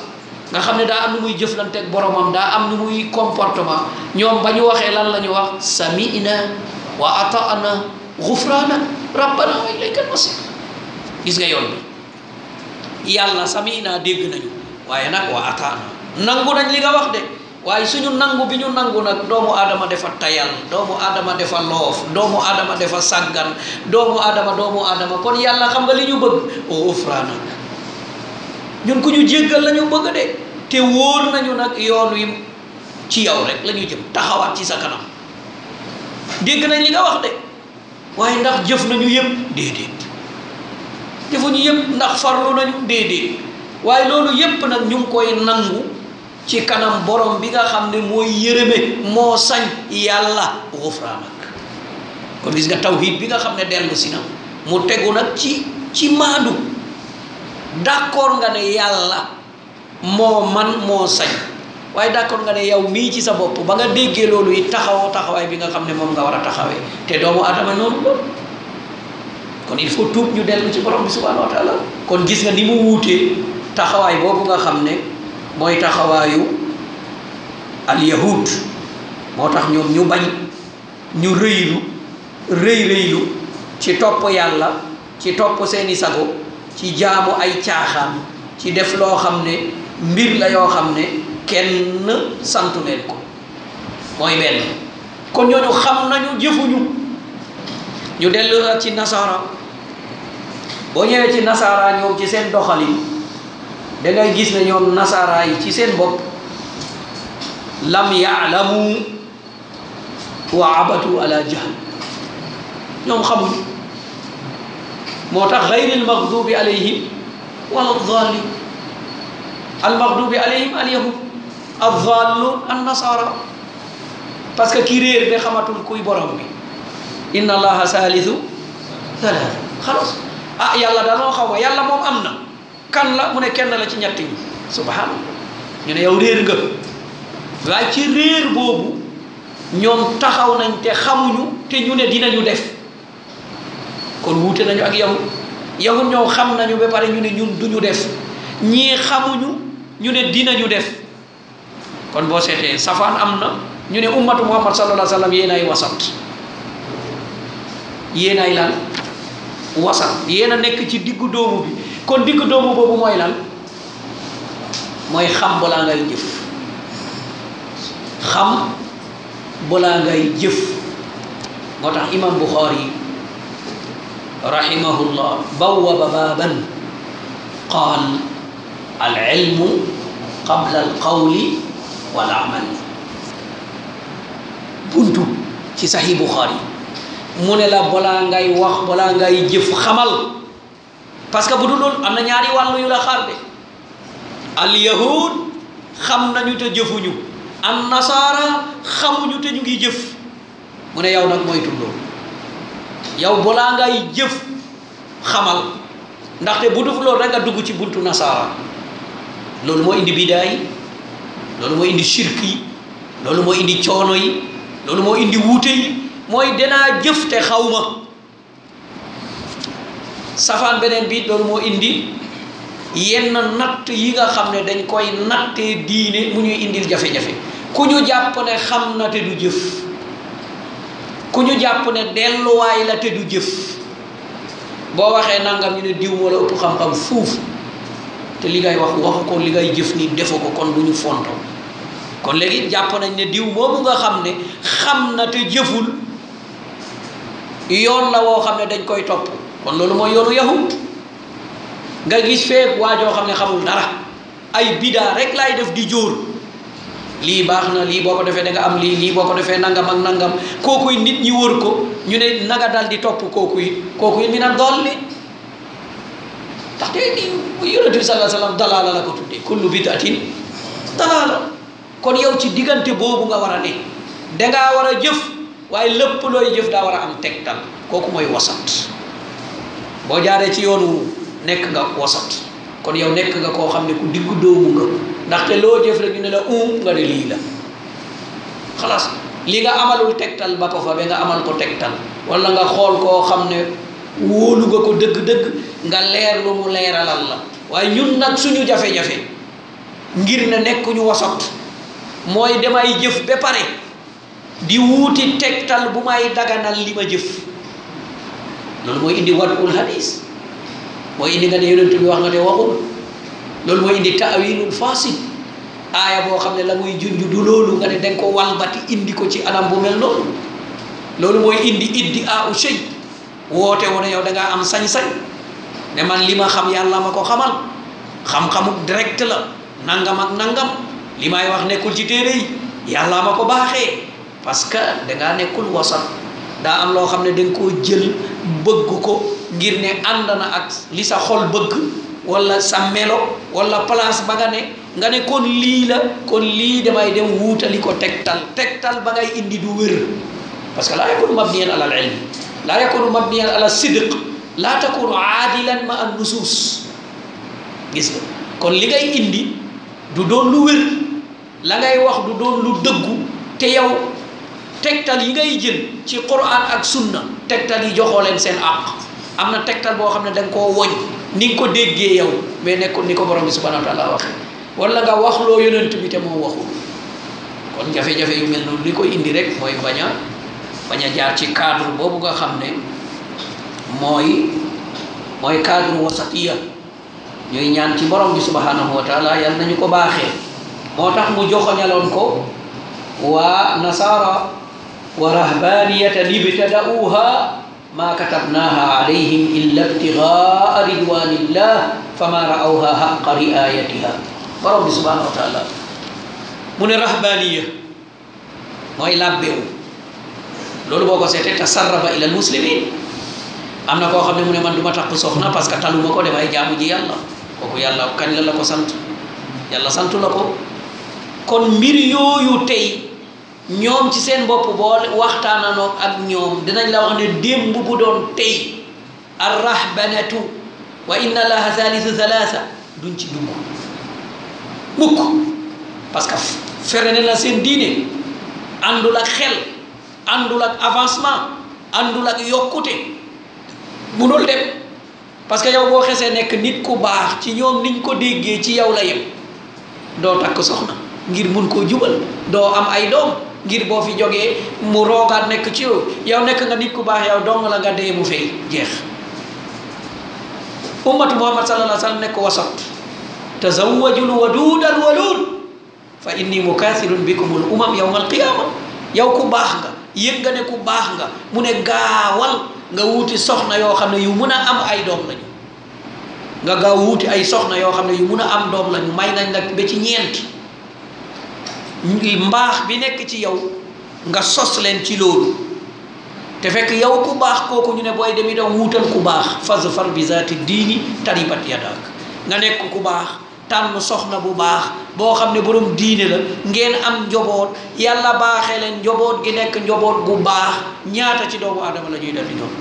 nga xam ne daa am nu muy jëflanteeg boromam daa am nu muy comportement ñoom ba ñu waxee lan la ñu wax sami'na wa ata'na ghufranak rabbana wa ilaykal masir gis nga yoon bi yàlla sami'na dégg nañu waaye nag wa ata'na nangu nañ li nga wax de waaye suñu nangu bi ñu nangu nag doomu aadama dafa tayal doomu aadama dafa loof doomu aadama defa sàggan doomu aadama doomu aadama kon yàlla xam nga li ñu bëgg o ufraana ñun ku ñu jéggal la ñu bëgg de te wóor nañu nag yoon wi ci yow rek la ñu jëm taxawaat ci sa kanam dégg nañ li nga wax de waaye ndax jëf nañu yëpp déedéet jëfuñu yëpp ndax farlu nañu déedéet waaye loolu yëpp nag ñu ngi koy nangu ci kanam borom bi nga xam ne mooy yërëme moo sañ yàlla xufraanak kon gis nga tawhid bi nga xam ne dellu si na mu tegu nag ci ci maandu d'accord nga ne yàlla moo man moo sañ waaye d'accord nga ne yow mii ci sa bopp ba nga déggee loolu yi taxawoo taxawaay bi nga xam ne moom nga war a taxawee te doomu adama noonu loolu kon il faut tuub ñu dellu ci borom bi subhanahu wa kon gis nga ni mu wuutee taxawaay boobu nga xam ne mooy taxawaayu alyahud moo tax ñoom ñu bañ ñu rëylu rëy rëylu ci topp yàlla ci topp seeni sago ci jaamu ay caaxaan ci def loo xam ne mbir la yoo xam ne kenn santu leen ko mooy benn kon ñooñu xam nañu jëfuñu ñu dellu ci nasara boo ñëwee ci nasara ñoom ci seen doxalin dangay gis ne ñoom nasaraa yi ci seen bopp lam yaalamu wa abatu ala jahl ñoom xamul moo tax gayril maxdubi alayhim wala dallin almaxdubi alayhim alyahud addallun annasara parce que ki réer ba xamatul kuy borom bi inna allaha salisu thalatha xalas ah yàlla danoo xaw ma yàlla moom am na kan la mu ne kenn la ci ñett ñi subhanallah ñu ne yow réer nga waaye ci réer boobu ñoom taxaw nañ te xamuñu te ñu ne dinañu def kon wuute nañu ak yow yow ñoo xam nañu ba pare ñu ne ñun duñu def ñii xamuñu ñu ne ñu def kon boo seetee safaan am na ñu ne ummatu muhammad sallallahu alayhi wa sallam yéen ay wasat yéen ay lan wasat yéen a nekk ci diggu doomu bi kon digg doomu boobu mooy lan mooy xam balaa ngay jëf xam balaa ngay jëf moo tax imam Bukhari rahimahullah bawwaba baaban qaal al ilmu qabla al qawli wal amal buntu ci saxi Bukhari mu ne la balaa ngay wax balaa ngay jëf xamal parce que bu dul loolu am na ñaari wàllu yu la xaar de al xam nañu te jëfuñu am nasaara xamuñu te ñu ngi jëf mu ne yow nag moytu loolu yow balaa ngay jëf xamal ndaxte bu dul loolu rek nga dugg ci buntu nasaara loolu moo indi bidaa yi loolu moo indi shirk yi loolu moo indi coono yi loolu moo indi wuute yi mooy danaa jëf te xawma safaan beneen bi loolu moo indi yenn natt yi nga xam ne dañ koy nattee diine mu ñuy indil jafe-jafe ku ñu jàpp ne xam na te du jëf ku ñu jàpp ne delluwaay la te du jëf boo waxee nangam ñu ne diw moo la ëpp xam-xam fuuf te li ngay wax waxu ko li ngay jëf nii defu ko kon bu ñu fonto kon léegi jàpp nañ ne diw boobu nga xam ne xam na te jëful yoon la woo xam ne dañ koy topp kon loolu mooy yoonu yahud nga gis feek waa joo xam ne xamul dara ay bidaa rek laay def di jóor lii baax na lii boo ko defee da nga am lii lii boo ko defee nangam ak nangam kooku it nit ñi wër ko ñu ne naga dal di topp kooku it kooku it mi na dool li ndaxte ni yonent bi sallallahu alayhi wasallam dalaala la ko tuddee kullu bidatin dalaala kon yow ci diggante boobu nga war a ne danga war a jëf waaye lépp looy jëf daa war a am tegtal kooku mooy wasat boo jaaree ci yoonu nekk nga wasat kon yow nekk nga koo xam ne ku diggu doomu nga ndaxte loo jëf rek ñu ne la um nga ne lii la xalaas li nga amalul tegtal ba ko fa ba nga amal ko tegtal wala nga xool koo xam ne wóolu nga ko dëgg-dëgg nga leer lu mu leeralal la waaye ñun nag suñu jafe-jafe ngir ne nekkuñu wasat mooy damay jëf ba pare di wuuti tegtal bu may daganal li ma jëf loolu mooy indi wadul hadis mooy indi nga ne yonent bi wax nga ne waxul loolu mooy indi taawilul fasid aaya boo xam ne la muy junj du loolu nga ne dañ ko walbati indi ko ci anam bu mel noonu loolu mooy indi indi a u sëy woote wu ne yow dangaa am sañ-sañ ne man li ma xam yàlla ma ko xamal xam-xamu direct la nangam ak nangam li may wax nekkul ci téere yi yàlla ma ko baaxee parce que da nekkul wasat daa am loo xam ne danga koo jël bëgg ko ngir ne ànd na ak li sa xol bëgg wala sa melo wala place ba nga ne nga ne kon lii la kon lii damay dem wuutali ko tegtal tegtal ba ngay indi du wér parce que laa yakunu mabniyan ala al ilm laa yakunu mabniyan ala sidq laa takunu aadilan ma an nusuus gis nga kon li ngay indi du doon lu wér la ngay wax du doon lu dëggu te yow tegtal yi ngay jël ci quran ak sunna tegtal yi joxoo leen seen àq am na tegtal boo xam ne da nga koo woñ ni nga ko déggee yow mais nekkul ni ko borom bi subhanahu wa taala waxee wala nga wax loo yonent moo waxul kon jafe yu mel noonu li ko indi rek mooy bañ a a jaar ci cadre boobu nga xam ne mooy mooy cadre wasatiya ñuy ñaan ci borom bi subhanahu wa taala yal nañu ko baaxee moo tax mu joxoñaloon ko waa nasaara ورهبانية ابتدأوها ما كتبناها عليهم إلا ابتغاء رضوان الله فما رأوها حق رعايتها borom bi subhanahu wa taala mu ne rahbaniya mooy làbbewu loolu boo ko seetee tasarraba ilal muslimin am na koo xam ne mu ne man du ma takk soxna parce que taluma ko damay jaamu ji yàlla kooku yàlla kañ la la ko sant yàlla santu la ko kon mbir yooyu tey ñoom ci seen bopp boo waxtaananoog ak ñoom dinañ la wax ne démb bu doon tey arrahbanatu wa inna laha thalithu thalatha duñ ci dugg mukk parce que fere na la seen diine àndul ak xel àndul ak avancement àndul ak yokkute munul dem parce que yow boo xesee nekk nit ku baax ci ñoom niñ ko déggee ci yow la yem doo takk soxna ngir mun koo jubal doo am ay doom ngir boo fi jogee mu roogaat nekk ci yow yow nekk nga nit ku baax yow dong la nga dee mu fay jeex ummatu muhammad sa alayhi wa sallam nekk wasat tazawwajul waduud al waluud fa inni mukathirun bikumul umam yawmal qiyaama yow ku baax nga yëg nga ne ku baax nga mu ne gaawal nga wuuti soxna yoo xam ne yu mun a am ay doom lañu nga gaaw wuuti ay soxna yoo xam ne yu mun a am doom lañu may nañ nag ba ci ñeent ngi mbaax bi nekk ci yow nga sos leen ci loolu te fekk yow ku baax kooku ñu ne booy demi doon wuutal ku baax fas far bi zaati diini taribat yadak nga nekk ku baax tànn soxna bu baax boo xam ne borom diine la ngeen am njoboot yàlla baaxee leen njoboot gi nekk njoboot gu baax ñaata ci doomu aadama la ñuy def ñoom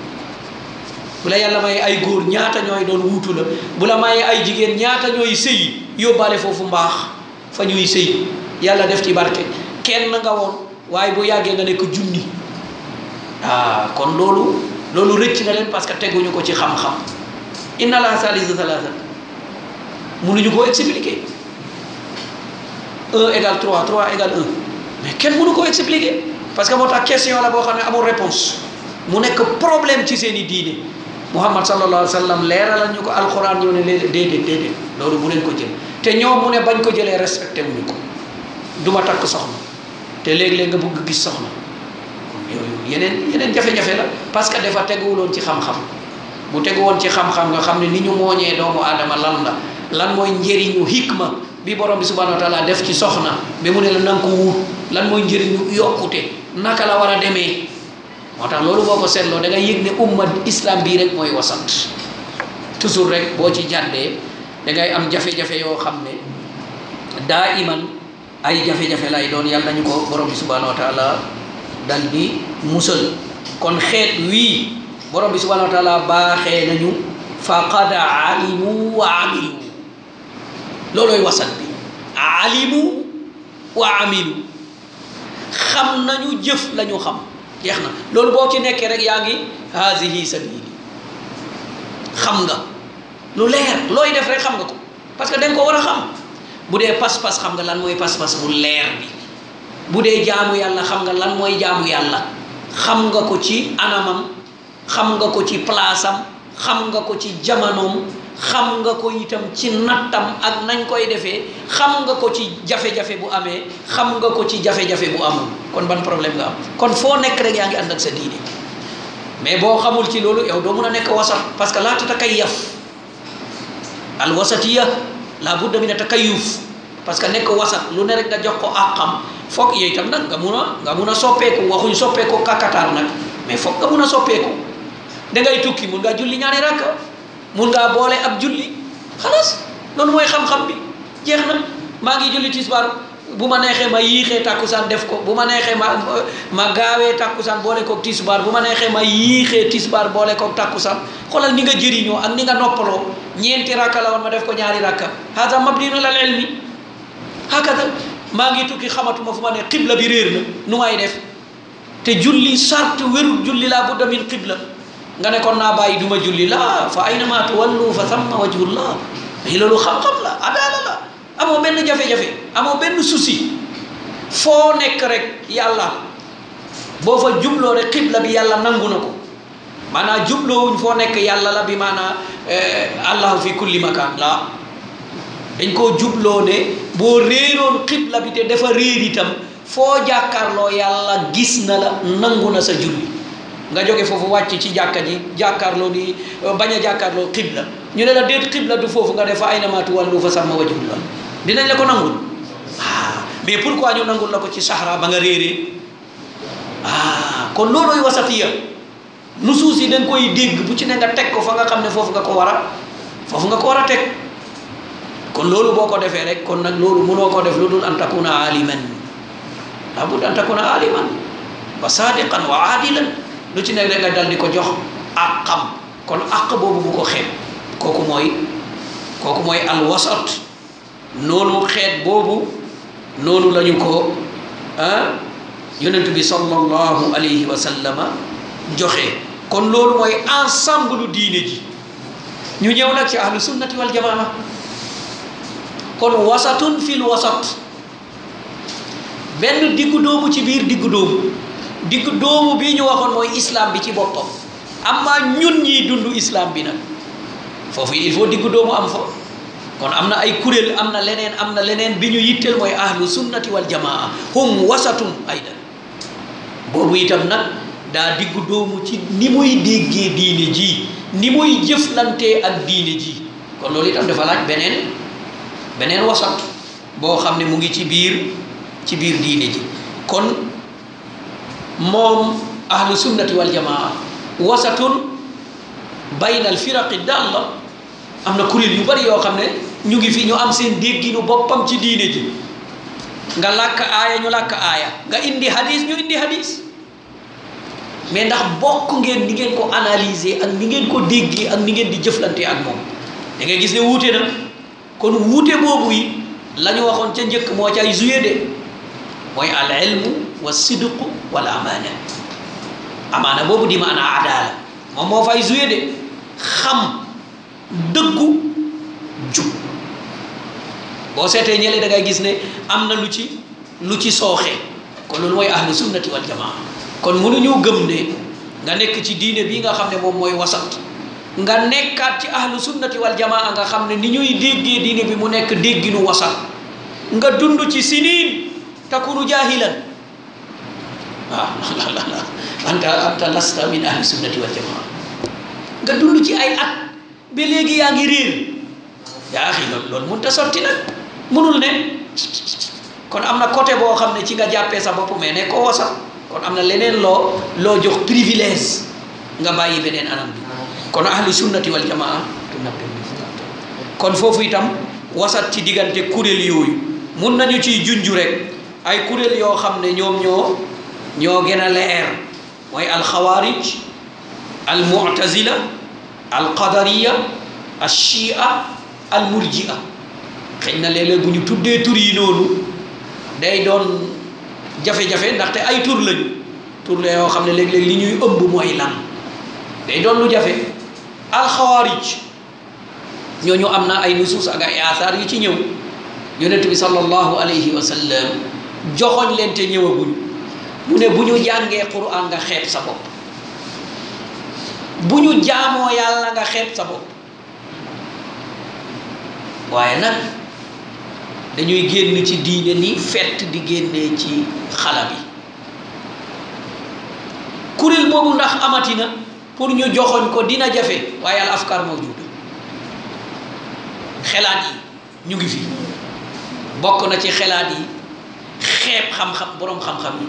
bu la yàlla mayee ay góor ñaata ñooy doon wuutu la bu la may ay jigéen ñaata ñooy sëy yóbbaale foofu mbaax fa ñuy sëy yàlla def ci barke kenn nga woon waaye bu yàggee nga nekk junni ah kon loolu loolu rëcc nga leen parce que teguñu ko ci xam-xam inna laa salisu salaasa mënuñu koo expliquer un égale trois trois kenn mënu koo expliquer parce que moo tax question la boo xam ne amul réponse mu nekk problème ci seen i diine Muhammad sallallahu alayhi wa sallam leeralal ñu ko alxuraan ñoo ne déedéet déedéet loolu bu leen ko jël te ñoom mu ne bañ ko jëlee respecté wuñu ko du ma takk soxna te léeg-léeg nga bëgg gis soxna yooyu yeneen yeneen jafe-jafe la parce que dafa teguwuloon ci xam-xam bu woon ci xam-xam nga xam ne ni ñu mooñee doomu aadama lan la lan mooy njëriñu hikma bi borom bi subhanahu wa taala def ci soxna ba mu ne la nanga ko wut lan mooy njëriñu yokkute naka la war a demee moo tax loolu boo ko seetloo da ngay yëg ne umma islam bii rek mooy wasat toujours rek boo ci jàddee da ngay am jafe-jafe yoo xam ne daa iman ay jafe-jafe lay doon yàlla nañu ko borom bi subhanahu wa taala dal di musal kon xeet wii borom bi subhanahu wa taala baaxee nañu faqad alimu wa amilu loolooy wasat bi alimu wa amilu xam nañu jëf lañu xam jeex na loolu boo ci nekkee rek yaa ngi sa sabili xam nga lu leer looy def rek xam nga ko parce que da nga ko war a xam bu dee pas-pas xam nga lan mooy pas-pas bu leer bi bu dee jaamu yàlla xam nga lan mooy jaamu yàlla xam nga ko ci anamam xam nga ko ci palaasam xam nga ko ci jamonoom xam nga ko itam ci nattam ak nañ koy defee xam nga ko ci jafe-jafe bu amee xam nga ko ci jafe-jafe bu amul kon ban problème nga am kon foo nekk rek yaa ngi ànd ak sa diine mais boo xamul ci loolu yow doo mun a nekk wasat parce que laa tata kay yaf al la budda min takayuf parce que nekk wasat lu ne rek nga jox ko xam foog yooyu tam nag nga mun a nga mun a soppeeku waxuñ soppeekoo kàkkataar nag mais foog nga mun a soppeeku dangay tukki mun ngaa julli ñaari rakk mun ngaa boole ak julli xalaas loolu mooy xam-xam bi jeex na maa ngi julli tisbaar bu ma neexee ma yiixee takkusaan def ko bu ma neexee ma ma gaawee takkusaan boole koog tisbaar bu ma neexee ma yiixee tisbaar boole koog takkusaan xoolal ni nga jëriñoo ak ni nga noppaloo ñeenti rakka la woon ma def ko ñaari rakka hada mabniun alal ilmi hakada maa ngi tukki xamatuma fu ma ne xibla bi réer na nu may def te julli sart wérul julli laa budda min xibla nga ne kon naa bàyyi duma julli la fa aynama tuwallu fa samma wajhullah loolu xam-xam la adaala la amoo benn jafe-jafe amoo benn souci foo nekk rek yàlla boo fa jubloo rek xibla bi yàlla nangu na ko maanaam jubloowuñ foo nekk yàlla la bi maanaa eh, allahu fi kulli makaan la dañ koo jubloo ne boo réeroon xibla bi te dafa réer itam foo jàkkaarloo yàlla gis na la nangu na sa julli nga joge foofu wàcc ci jàkka ji jàkkaarloo di bañ a jàkkaarloo xibla ñu ne la déet xibla du foofu nga def fa aynamaatu wàllu fa sàmm wajhullah dinañ la ko nangul ah mais pourquoi ñu nangul la ko ci sahara ba nga réeree ah kon loolooy wasatiya nu suus yi dañ koy dégg bu ci ne teg ko fa nga xam ne foofu nga ko war a foofu nga ko war a teg kon loolu boo ko defee rek kon nag loolu mënoo ko def lu dul an takuna aliman la bud an takuna aliman wa sadiqan wa adilan lu ci ne ne nga dal di ko jox ak xam kon àq boobu bu ko xeeb kooku mooy kooku mooy alwasat noonu xeet boobu noonu lañu ñu ko ah yonent bi sallallahu alayhi wa sallama joxe kon loolu mooy ensemble lu diine ji ñu ñëw nag ci ahlu sunnati wal jamaa kon wasatun fil wasat benn diggu doomu ci biir diggu doomu diggu doomu bii ñu waxoon mooy islam bi ci boppam amma ñun ñiy dund islaam bi nag foofu il faut diggu doomu am fa kon am na ay kuréel am na leneen am na leneen bi ñu yitteel mooy ahlu sunnati wal jamaa hum wasatun aydan boobu itam nag daa diggu doomu ci ni muy déggee diine ji ni muy jëflantee ak diine ji kon loolu itam dafa laaj beneen beneen wasat boo xam ne mu ngi ci biir ci biir diine ji kon moom ahlu sunnati wal jamaa wasatun bayna al firaqi daal la am na kuréel yu bari yoo xam ne ñu ngi fi ñu am seen dégginu boppam ci diine ji nga làkk aaya ñu làkk aaya nga indi hadis ñu indi hadis mais ndax bokk ngeen ni ngeen ko analyser ak ni ngeen ko déggee ak ni ngeen di jëflante ak moom da ngay gis ne wuute na kon wuute boobu yi la waxoon ca njëkk moo ca ay joué de mooy al ilmu wa sidqu wal amaana amaana boobu di maana adaala moom moo fay joué de xam dëggu jub boo seetee ñële da ngay gis ne am na lu ci lu ci sooxe kon loolu mooy ahlu sunnati wal jamaa kon mënuñu gëm ne nga nekk ci diine bi nga xam ne moom mooy wasat nga nekkaat ci ahlu sunnati wal jamaa nga xam ne ni ñuy déggee diine mu nekk dégginu wasat nga dund ci siniin takunu jaahilan waaw ah, anta anta ci ay at bi léegi yaa ngi réer yaa axi loolu loolu mënut sotti nag mënul ne kon am na côté boo xam ne ci nga jàppee sa bopp mais ne koo sax kon am na leneen loo loo jox privilège nga bàyyi beneen anam bi kon ahlu sunnati wal jamaa kon foofu itam wasat ci diggante kuréel yooyu mun nañu ci junju rek ay kuréel yoo xam ne ñoom ñoo ñoo gën a leer mooy alxawaarij almutazila alqadariya alchia almurjia xëy na léeg-léeg bu ñu tuddee tur yi noonu day doon jafe-jafe ndaxte ay tur lañu tur la yoo xam ne léeg-léeg li ñuy ëmb mooy lan day doon lu jafe alxawaarij ñooñu am na ay nusuus ak ay asaar yu ci ñëw yonent bi sallallahu alayhi wa sallam joxoñ leen te ñëwaguñ mu ne bu ñu jàngee quran nga xeeb sa bopp bu ñu jaamoo yàlla nga xeeb sa bopp waaye nag dañuy génn ci diine ni fett di génnee ci xalaat yi kuréel boobu ndax amati na pour ñu joxoñ ko dina jafe waaye al afkaar mawjuda xelaat yi ñu ngi fi bokk na ci xelaat yi xeeb xam-xam boroom xam-xam yi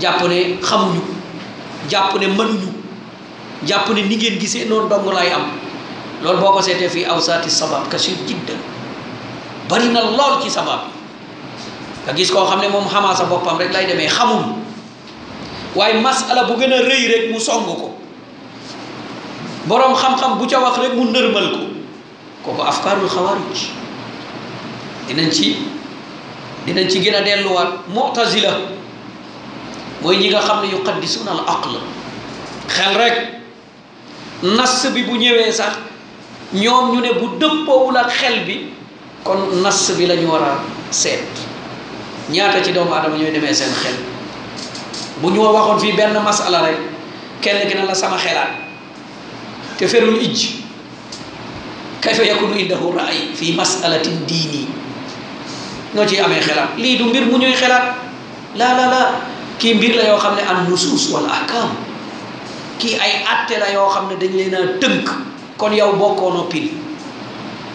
jàpp ne xamuñu jàpp ne mënuñu jàpp ne ni ngeen gisee noonu dong lay am loolu boo ko seetee fii aw awsaati sabab kasir jiddan bari na lool ci sabab bi nga gis koo xam ne moom xamaa sa boppam rek lay demee xamul waaye masala bu gën a rëy rek mu song ko boroom xam-xam bu ca wax rek mu nërmal ko kooku afkaarul xawaarij dinañ ci dinañ ci gën a delluwaat mu'tazila mooy ñi nga xam ne yuqaddisuuna al aql xel rek nas bi bu ñëwee sax ñoom ñu ne bu dëppoowul xel bi kon nas bi lañu war a seet ñaata ci doomu aadama ñooy demee seen xel bu ñu waxoon fii benn masala rek kenn ki ne la sama xelaat te ferul ij kayfa yakunu indahu raay fii masalatin diini ñoo ci amee xelaat lii du mbir mu ñuy xelaat laa laa laa kii mbir la yoo xam ne an nusuus wala ahkaam kii ay atte la yoo xam ne dañ leen a tënk kon yow bokkoo noppil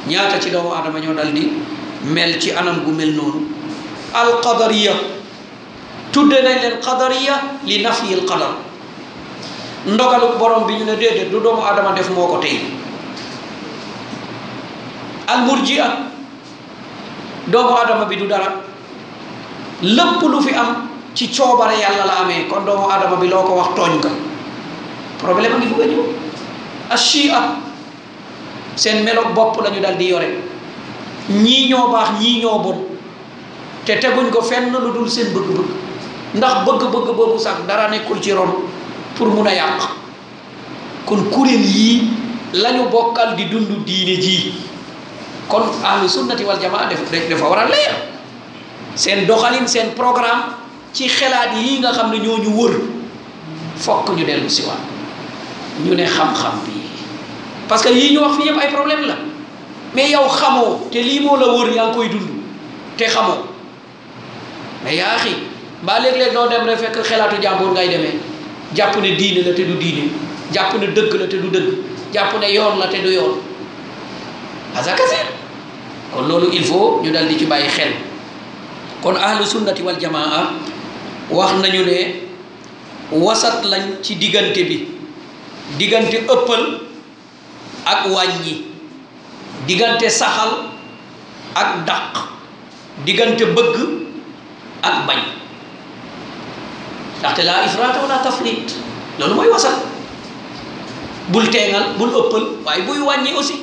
ñaata ci doomu adama ñoo dal di mel ci anam gu mel noonu alqadariya tudde nañ leen qadariya li nafyi al qadar ndogalu borom bi ñu ne déedéet du doomu adama def moo ko tey almurjia doomu aadama bi du dara lëpp lu fi am ci coobare yàlla la amee kon doomu adama bi loo ko wax tooñ ka problème ngi bëgg a ñëw ashia seen meloog bopp lañu ñu dal di yore ñii ñoo baax ñii ñoo bon te teguñ ko fenn lu dul seen bëgg-bëgg ndax bëgg-bëgg boobu sax dara nekkul ci ron pour mun a yàq kon kuréel yii lañu bokkal di dund diine ji kon ahlu sunnati wal jamaa def rek dafa war a leer seen doxalin seen programme ci xelaat yi nga xam ne ñoo ñu wër fokk ñu dellu si ñu ne xam-xam bi parce que lii ñu wax fi yëpp ay problème la mais yow xamoo te lii moo la wër yaa koy dund te xamoo mais yaa léeg-léeg doo dem rek fekk xelaatu jàmbur ngay demee jàpp ne diine la te du diine jàpp ne dëgg la te du dëgg jàpp ne yoon la te du yoon asakasir kon loolu il faut ñu dal di ci bàyyi xel kon ahlu sunnati wal wax nañu ne wasat lañ ci diggante bi diggante ëppal ak yi diggante saxal ak daq diggante bëgg ak bañ ndaxte laa ifraata wala tafrit loolu mooy wasal bul teengal bul ëppal waaye buy wàññi aussi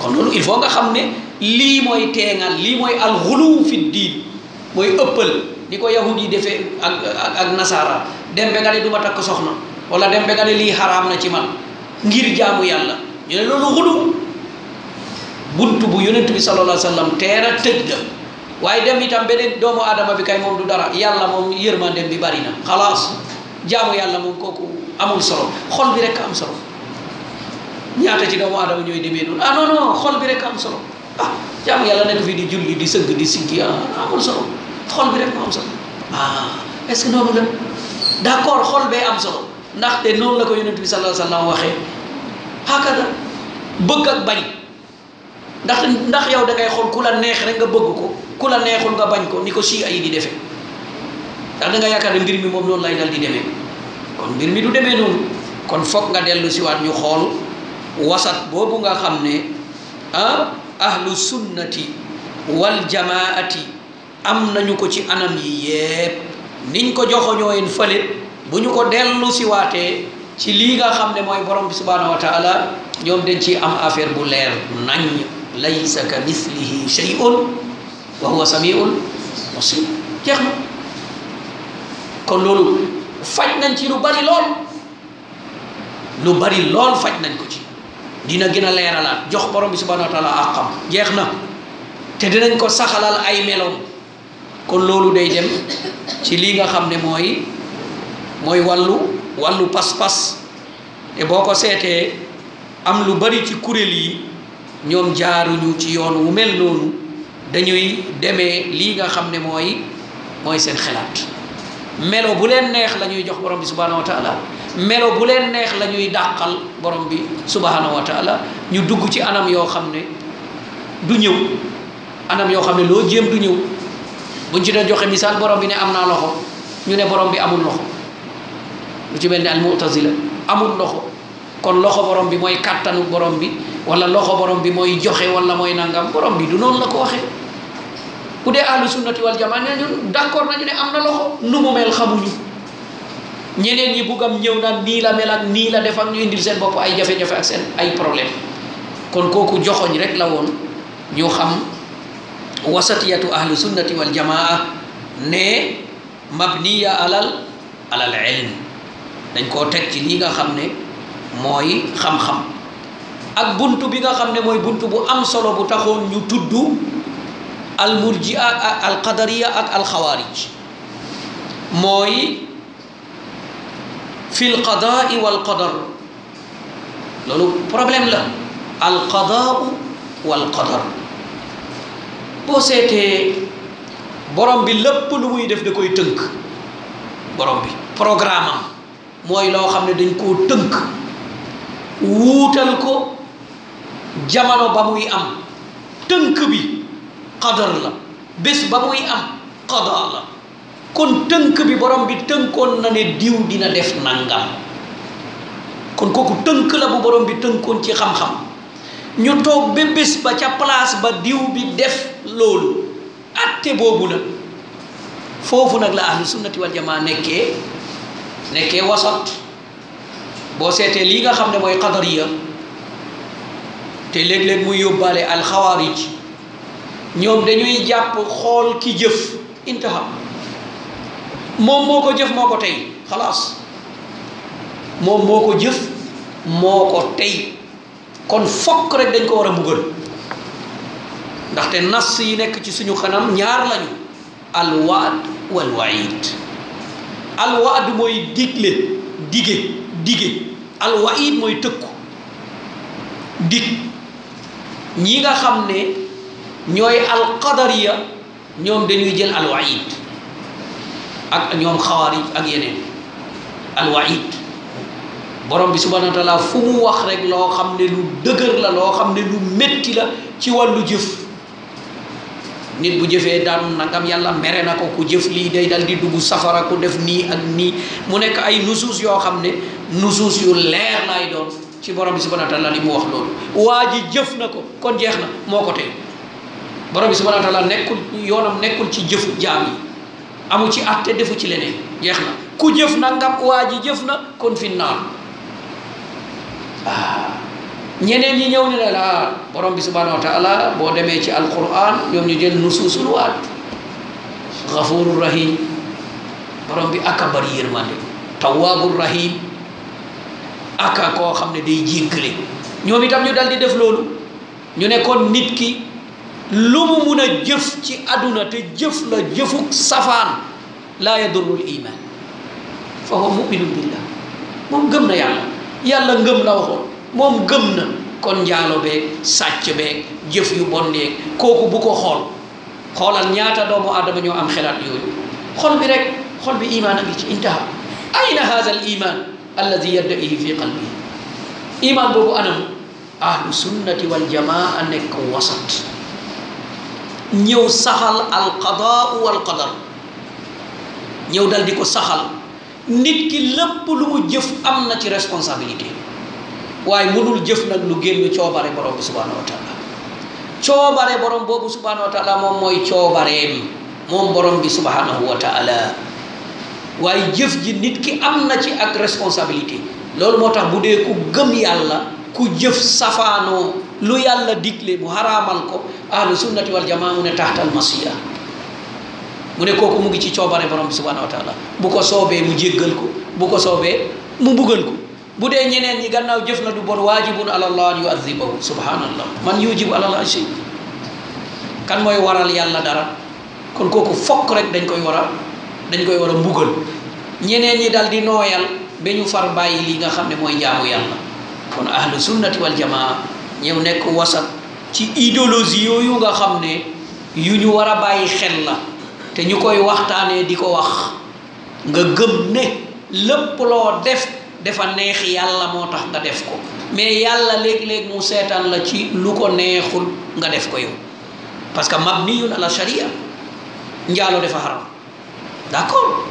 kon loolu il faut nga xam ne lii mooy teengal lii mooy alxuluw fi diin mooy ëppal ni ko yahud yi defee ak ak nasaara dem nga ne du ma takk soxna wala dem ba nga ne lii xaraam na ci man ngir jaamu yàlla ñu ne loolu xudu bunt bu yonent bi sallallahu alayhi wa sallam tëj la waaye dem itam beneen doomu aadama bi kay moom du dara yàlla moom yërmandem bi bari na xalaas jaamu yàlla moom kooku amul solo xol bi rek am solo ñaata ci doomu aadama ñooy demee noonu ah non xol bi am solo ah jaamu yàlla nekk di julli di sëgg di siggi ah amul bi rek moo am ah, que noonu la d' xol bee am solo. ndaxte noonu la ko yonent bi sallallahu alayhi wa sallam waxee hakada bëgg ak bañ ndax ndax yow dangay xol xool ku la neex rek nga bëgg ko ku la neexul nga bañ ko ni ko si ay di defee ndax da yaakaar ne mbir mi moom noonu lay dal di deme kon mbir mi du demee noonu kon foog nga dellu siwaat ñu xool wasat boobu nga xam ne ah ahlu sunnati wal am nañu ko ci anam yi yépp niñ ko joxoñooyen fële bu ñu ko dellu waatee ci lii nga xam ne mooy borom bi subhanahu wa taala ñoom dañ ciy am affaire bu leer nañ laysa ka mislihi shay'un wa huwa samiul basir jeex na kon loolu faj nañ ci lu bari lool lu bari lool faj nañ ko ci dina gën a leeralaat jox borom bi subhanahu wa taala àqam jeex na te dinañ ko saxalal ay meloom kon loolu day dem ci lii nga xam ne mooy mooy wallu wàllu pas-pas te boo ko seetee am lu bari ci kuréel yi ñoom jaaruñu ci yoon wu mel noonu dañuy demee lii nga xam ne mooy mooy seen xelaat melo bu leen neex la ñuy jox borom bi subhanahu wa melo bu leen neex la ñuy dàqal borom bi subhanahu wa ñu dugg ci anam yoo xam ne du ñëw anam yoo xam ne loo jéem du ñëw buñ ci doon joxe misaal borom bi ne am naa loxo ñu ne borom bi amul loxo lu ci mel ni al mu'tazila amul loxo kon loxo borom bi mooy kàttanu borom bi wala loxo borom bi mooy joxe wala mooy nangam borom bi du noonu la ko waxee bu dee ahlu sunnati wal jamaa ne ñun d'accord nañu ne am na loxo nu mu mel xamuñu ñeneen ñi buggam ñëw naan nii la mel ak nii la def ak ñu indil seen bopp ay jafe-jafe ak seen ay problème kon kooku joxoñ rek la woon ñu xam wasatiyatu ahlu sunnati wal jamaa ne mabniya alal alal ilm dañ koo teg ci lii nga xam ne mooy xam-xam ak bunt bi nga xam ne mooy buntu bu am solo bu taxoon ñu tudd almurjia ak alqadariya ak alxawaarij mooy fi lqadaai walqadar loolu problème la alqadaau walqadar boo seetee borom bi lépp lu muy def da koy tënk borom bi programme mooy loo xam ne dañ koo tënk wuutal ko jamono ba muy am tënk bi qadar la bés ba muy am qada la kon tënk bi borom bi tënkoon na ne diw dina def nangam kon kooku tënk la bu borom bi tënkoon ci xam-xam ñu toog ba bés ba ca place ba diw bi def loolu ate boobu nag foofu nag la ahlu sunnati wal jamaa nekkee nekkee wasat boo seetee lii nga xam ne mooy qadariya te léeg-léeg muy yóbbaale alxawaarij ñoom dañuy jàpp xool ki jëf intaha moom moo ko jëf moo ko tey xalaas moom moo ko jëf moo ko tey kon fokk rek dañ ko war a mbugal ndaxte nas yi nekk ci suñu kanam ñaar lañu alwaad walwaid alwaadu mooy digle dige dige alwaid mooy ko dig ñi nga xam ne ñooy alqadariya ñoom dañuy jël alwaid ak ñoom xawaarij ak yeneen alwaid borom bi subhanahu wa taala fu mu wax rek loo xam ne lu dëgër la loo xam ne lu métti la ci wàllu jëf nit bu jëfee daan nangam yàlla mere na ko ku jëf lii day dal di dugg safara ku def nii ak nii mu nekk ay nusuus yoo xam ne nusuus yu leer lay doon ci borom bi subhanahu wa taala li mu wax loolu waa ji jëf na ko kon jeex na moo ko tey borom bi subhanahu wa taala nekkul yoonam nekkul ci jëfu jaam yi amu ci atte defu ci leneen jeex na ku jëf nangam waa ji jëf na kon fi ñeneen ñi ñëw ne la ah borom bi subhanahu wa boo demee ci alquran ñoom ñu jël nusuusul waat gafurur rahim borom bi aka bari yërmande tawaabur rahim aka koo xam ne day jéggale ñoom itam ñu dal di def loolu ñu nekkoon nit ki lu mu mun a jëf ci àdduna te jëf la jëfuk safaan laa yadurul iman fa huwa muminun billah moom gëm na yàlla yàlla ngëm la waxoon moom gëm na kon njaalo beeg sàcc beeg jëf yu bon yeeg kooku bu ko xool xoolal ñaata doomu aadama ñoo am xelaat yooyu xool bi rek xol bi imaan a ngi ci intaha ayna haza al iman alladi yaddaihi fi qalbihi iman boobu anam ahlu sunnati waljamaa nekk wasat ñëw saxal alqadaau walqadar ñëw dal di ko saxal nit ki lépp lu mu jëf am na ci responsabilité waaye mënul jëf nag lu génn coobare borom bi subhanahu wa taala coobare borom boobu subhanahu wa moom mooy coobareem moom borom bi subhanahu wa waaye jëf ji nit ki am na ci ak responsabilité loolu moo tax bu dee ku gëm yàlla ku jëf safaanoo lu yàlla digle mu xaraamal ko ahlu sunnati wal jamaa mu ne taxtal masiya mu ne kooku mu ngi ci coobare borom bi subhanahu wa taala bu ko soobee mu jéggal ko bu ko soobee mu buggal ko bu dee ñeneen yi gannaaw jëf na du bon waajibun ala allah an yuazibahu subhanallah man yujibu ala allah shay kan mooy waral yàlla dara kon kooku fokk rek dañ koy war a dañ koy war a mbugal ñeneen yi dal di nooyal ba ñu far bàyyi li nga xam ne mooy jaamu yàlla kon ahlu sunnati wal jamaa ñëw nekk wasat ci idéologie yooyu nga xam ne yu ñu war a bàyyi xel la te ñu koy waxtaanee di ko wax nga gëm ne lépp loo def dafa neex yàlla moo tax nga def ko mais yàlla léeg-léeg mu seetaan la ci lu ko neexul nga def ko yow parce que mabniyun ala sharia njaaloo dafa xaram d'accord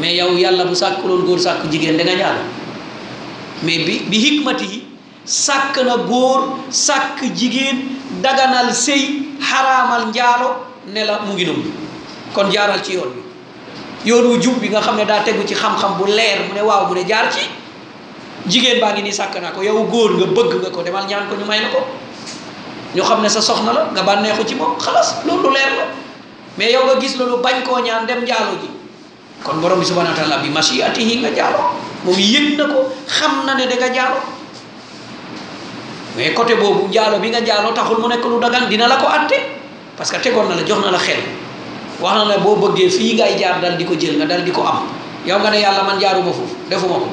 mais yow yàlla bu sàkkuloon góor sàkk jigéen da nga mais bi bi hikmati yi sàkk na góor sàkk jigéen daganal sëy xaraamal njaalo ne la mu ngi noonu kon jaaral ci yoon bi yoon wu jub bi nga xam ne daa tegu ci xam-xam bu leer mu ne waaw mu ne jaar ci jigéen baa ngi nii sàkk naa ko yow góor nga bëgg nga ko demal ñaan ko ñu may ne ko ñu xam ne sa soxna la nga bànneexu ci moom xalas loolu leer la mais yow nga gis lu bañ koo ñaan dem njaalo ji kon borom bi subhanahu wa taala bi mashiatihi nga jaalo moom yëg na ko xam na ne danga nga mais côté boobu jaalo bi nga jaalo taxul mu nekk lu dagan dina la ko atte parce que tegoon na la jox na la xel wax na la boo bëggee fii ngay jaar dal di ko jël nga dal di ko am yow nga ne yàlla man jaaruma foofu defuma ko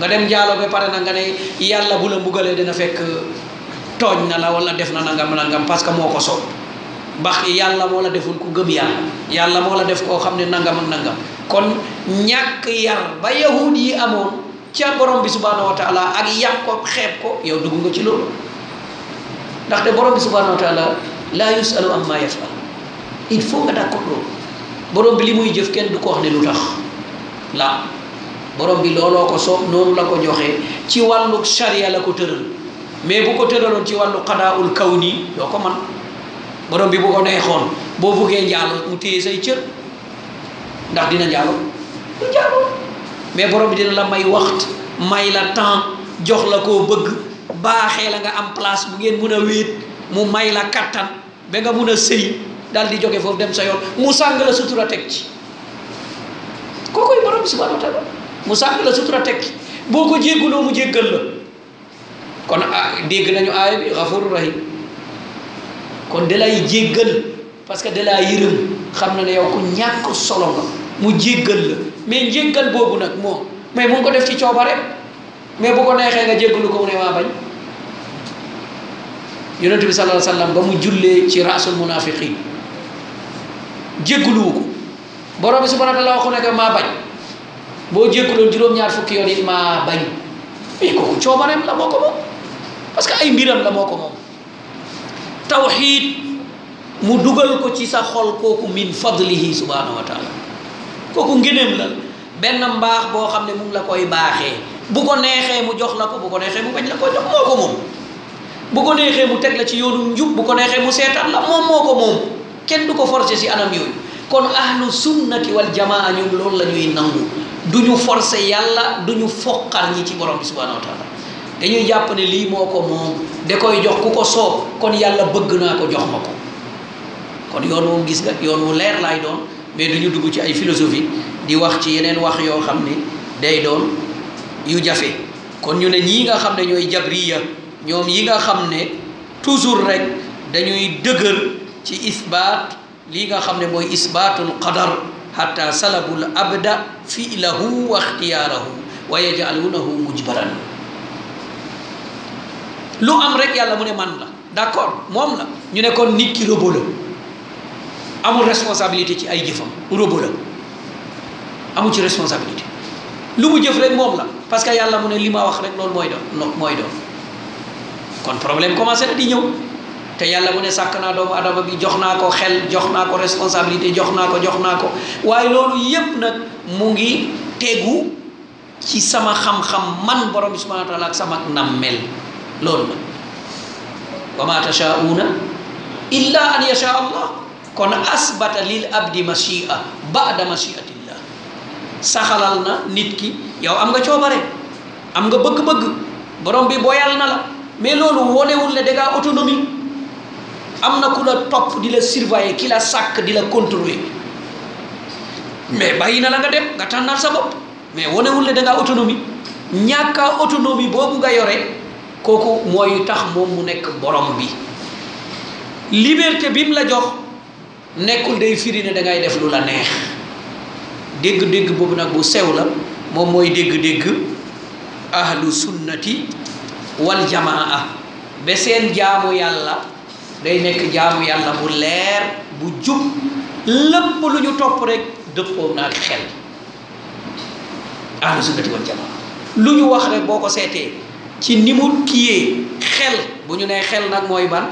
nga dem jaalo ba pare na nga ne yàlla bu la mbugalee dina fekk tooñ na la wala def na nangam nangam parce que moo ko soob mbax yàlla moo la deful ku gëm yàlla yàlla moo la def koo xam ne nangam ak nangam kon ñàkk yar ba yahud yi amoon ca borom bi subhanahu wa ak yàq ko xeeb ko yow dugg nga ci loolu ndaxte borom bi subhanahu wa taala il faut nga d'accord loolu borom bi li muy jëf kenn du ko wax ne lu tax la borom bi looloo ko soob noonu la ko joxee ci wàllu charia la ko tëral mais bu ko ci wàllu xadaawul kaw nii doo ko man borom bi bu ko neexoon boo buggee njaalo mu téye say cër ndax dina njaalo du njaalo mais borom bi dina la may waxt may la temps jox la ko bëgg baaxee la nga am place bu ngeen mun a wéet mu may la kattan ba nga mun a sëy daal di jóge foofu dem sa yoon mu sàng la sutura teg ci kookoy borom subhanahu wa taala mu sàng la sutura ci boo ko jégguloo mu jéggal la kon ah, dégg nañu aaya bi xafuru rahim kon dalay jéggal parce que dalaa yërëm xam na ne yow ku ñàkk solo nga mu jéggal la mais njéggal boobu nag moom mais mu ko def ci coobare mais bu ko neexee nga jéggalu ko mu ne waa bañ yonent bi sallallahu alayhi ba mu jullee ci rasul munafiqin jéggaluwu ko borom bi subhanahu wa taala waxu ne que maa bañ boo jéggaloon juróom-ñaar fukki yoon it maa bañ ko kooku coobareem la moo ko moom parce que ay mbiram la moo ko moom tawxiid mu dugal ko ci sa xol kooku min fadlihi subhanahu wa taala kooku benn mbaax boo xam ne mu la koy baaxee bu neexee mu jox la ko bu ko neexee mu bañ la koy jox moo ko moom bu ko neexee mu teg la ci yoonu njub bu ko neexee mu seetaan la moom moo ko moom kenn du ko forcer si anam yooyu kon ahlu sunnati wal jamaa ñoom loolu la ñuy nangu du ñu forcer yàlla du ñu foqar ñi ci borom bi subhanahu wa dañuy jàpp ne lii moo ko moom de koy jox ku ko soob kon yàlla bëgg naa ko jox ma ko kon yoon wu gis nga yoon wu leer laay doon mais du ñu dugg ci ay philosophie di wax ci yeneen wax yoo xam ni day doon yu jafe kon ñu ne ñii nga xam ne ñooy ya ñoom yi nga xam ne toujours rek dañuy dëgër ci isbaat lii nga xam ne mooy isbaatul qadar xata salabul abda fiilahu wa ixtiyaarahu wa yajaluunahu mujbaran lu am rek yàlla mu ne man la d'accord moom la ñu ne kon nit ki robot la amul responsabilité ci ay jëfam robot la amul ci responsabilité lu mu jëf rek moom la parce que yàlla mu ne li ma wax rek loolu mooy doon mooy doon kon problème commencé na di ñëw te yàlla mu ne sàkk naa doomu adama bi jox naa ko xel jox naa ko responsabilité jox naa ko jox naa ko waaye loolu yépp nag mu ngi tegu ci sama xam-xam man borom bi subhanahu wa taala ak sama nammel loolu la wa ma tashaa'uuna illa an yasha allah kon asbata lil abdi mashia ba'da mashiatillah saxalal na nit ki yow am nga coobare am nga bëgg-bëgg borom bi boyal na la mais loolu wonewul ne da ngaa am na ku la topp di la yi ki la sàkk di la contrôler mais bàyyi na la nga dem nga tànnal sa bopp mais wanewul ne da ngaa ñàkka ñàkkaa autonomie boobu nga yore kooku mooy tax moom mu nekk borom bi liberté bi mu la jox nekkul day firi ne da ngay def lu la neex dégg-dégg boobu nag bu sew la moom mooy dégg-dégg ahlu sunnati wal jamaa ba seen jaamu yàlla day nekk jaamu yàlla bu leer bu jub lépp lu ñu topp rek dëppoo naag xel ahlu sunnati wal jamaa lu ñu wax rek boo ko seetee ci ni mu kiyee xel bu ñu nee xel nag mooy ban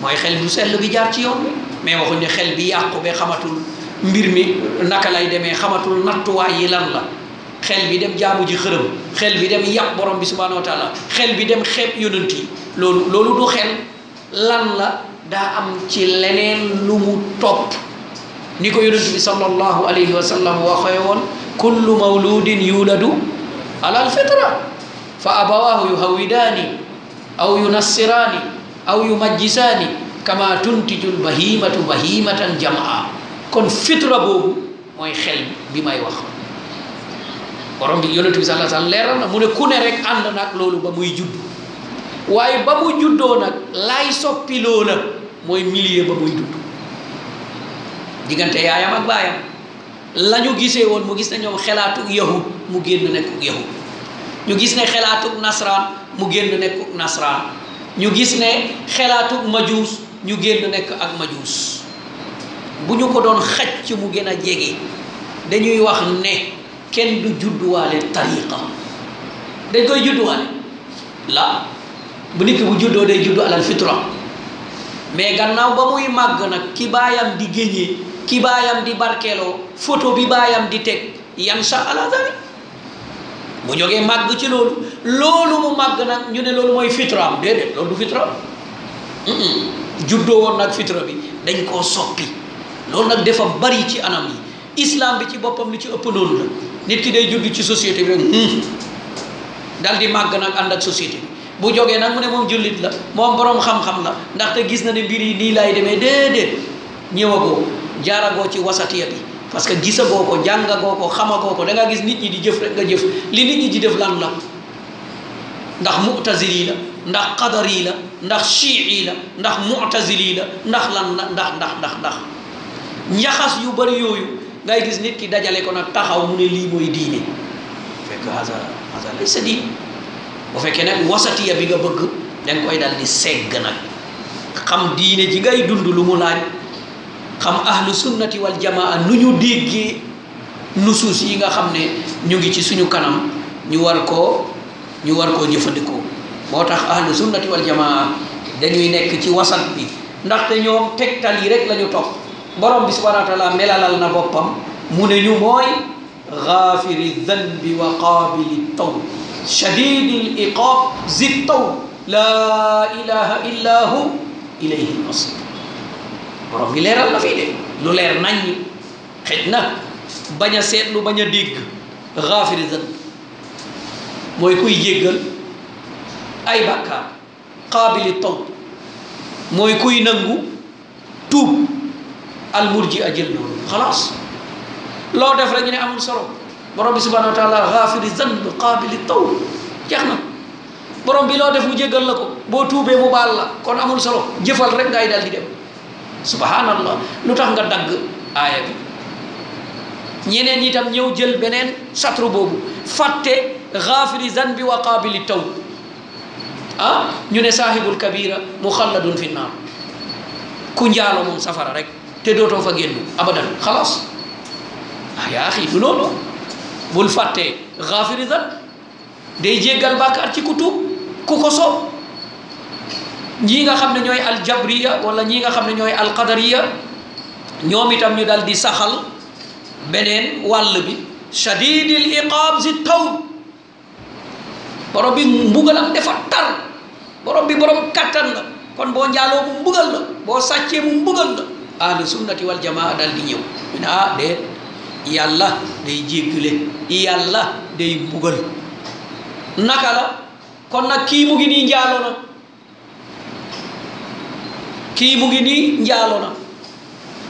mooy xel bu sell bi jaar ci yow mais waxuñ ne xel bi yàqu ba xamatul mbir mi naka lay demee xamatul nattuwaay yi lan la xel bi dem jaamu ji xërëm xel bi dem yàq borom bi subhanahu wa taala xel bi dem xeeb yonent yi loolu loolu du xel lan la daa am ci leneen lu mu topp ni ko yonent bi sallallahu alayhi wa sallam waxee woon kullu mawludin yuladu ala alfitra fa abawaahu yuhawidaani aw yunassiraani aw yumajjisaani kama tuntiju lbahimatu bahimatan jamaa kon fitra boobu mooy xel bi may wax borom bi yonent bi sallallahu alayhi wa sallam leeral mu ne ku rek ànd loolu ba muy judd waaye ba mu juddoo nag laay soppiloo la mooy milieu ba muy judd diggante yaayam ak baayam la ñu woon mu gis ne ñoom xelaatug yahud mu génn nekkug yahud ñu gis ne xelaatug nasraan mu génn nekkug nasraan ñu gis ne xelaatug majuus ñu génn nekk ak majuus bu ñu ko doon xaj ci mu gën a jege dañuy wax ne kenn du judduwaale tariqa dañ koy judduwaale la bu nit ki bu juddoo day juddu alal fitra mais gannaaw ba muy màgg nag ki baayam di géñee ki baayam di barkeeloo photo bi baayam di teg yan sa ala zalik bu jógee màgg ci loolu loolu mu màgg nag ñu ne loolu mooy fitraam déedéet loolu du fitra juddoo woon nag fitra bi dañ koo soppi loolu nag dafa bari ci anam yi islam bi ci boppam lu ci ëpp loolu la nit ki day judd ci société bi rek hmm. daal di màgg nag ànd ak société bi bu jógee nag mu ne moom jullit la moom boroom xam-xam la ndaxte gis na ne mbir yi nii laay demee déedéet ñëwagoo jaaragoo ci wasatiya bi parce que gisagoo ko jàngagoo ko xamagoo ko da nga gis nit ñi di jëf rek nga jëf li nit ñi di def lan la ndax mu'tazili la ndax yi la ndax shii la ndax mu'tazili la ndax lan la ndax ndax ndax ndax njaxas yu bari yooyu ngay gis nit ki dajale ko nag taxaw mu ne lii mooy diine fekk hasara hasara sa bu fekkee nag wasatiya bi nga bëgg danga koy dal di segg nag xam diine ji ngay dund lu mu laaj xam ahlu sunnati wal jamaa nu ñu déggee nusuus yi nga xam ne ñu ngi ci suñu kanam ñu war koo ñu war koo jëfandikoo moo tax ahlu sunnati wal jamaa dañuy nekk ci wasat bi ndaxte ñoom tegtal yi rek la ñu topp borom bi subhanahu wa melalal na boppam mu ne ñu mooy gaafiri zanbi wa qaabili tawb شديد الإيقاف ذي الطول لا إله إلا هو إليه المصير borom bi leeral na fii de lu leer naññ xëj na bañ a seetlu bañ a dégg xaafiri mooy kuy jéggal ay bàkkaar qaabili taw mooy kuy nangu tuub almurji a jël noonu xalaas loo def rek ñu ne amul solo borom bi subhanahu wa taala xaafiri zanb qaabili taw jeex na borom bi loo def mu jéggal la ko boo tuubee mu baal la kon amul solo jëfal rek ngay daal di dem subhanallah lu tax nga dagg aaya bi ñeneen itam ñëw jël beneen satru boobu fàtte xaafiri zanbi wa qaabili taw ah ñu ne saahibul kabira muxalladun fi naar ku njaalo moom safara rek te dootoo fa génn abadan xalaas ah, yaa axi du loolu bul fàttee xaafiri zan day jéggal bàkkaar ci ku tuub ku ko soob ñii nga xam ne ñooy aljabriya wala ñii nga xam ne ñooy alqadariya ñoom itam ñu dal di saxal beneen wàll bi shadidil iqaab si taw borom bi mbugalam defa tar borom bi borom kattan la kon boo njaaloo mu mbugal la boo sàccee mu mbugal la ahlu sunnati wal jamaa dal di ñëw yàlla day jéggale yàlla day mbugal naka la kon nag kii mu ngi nii njaalo kii mu ngi nii njaalo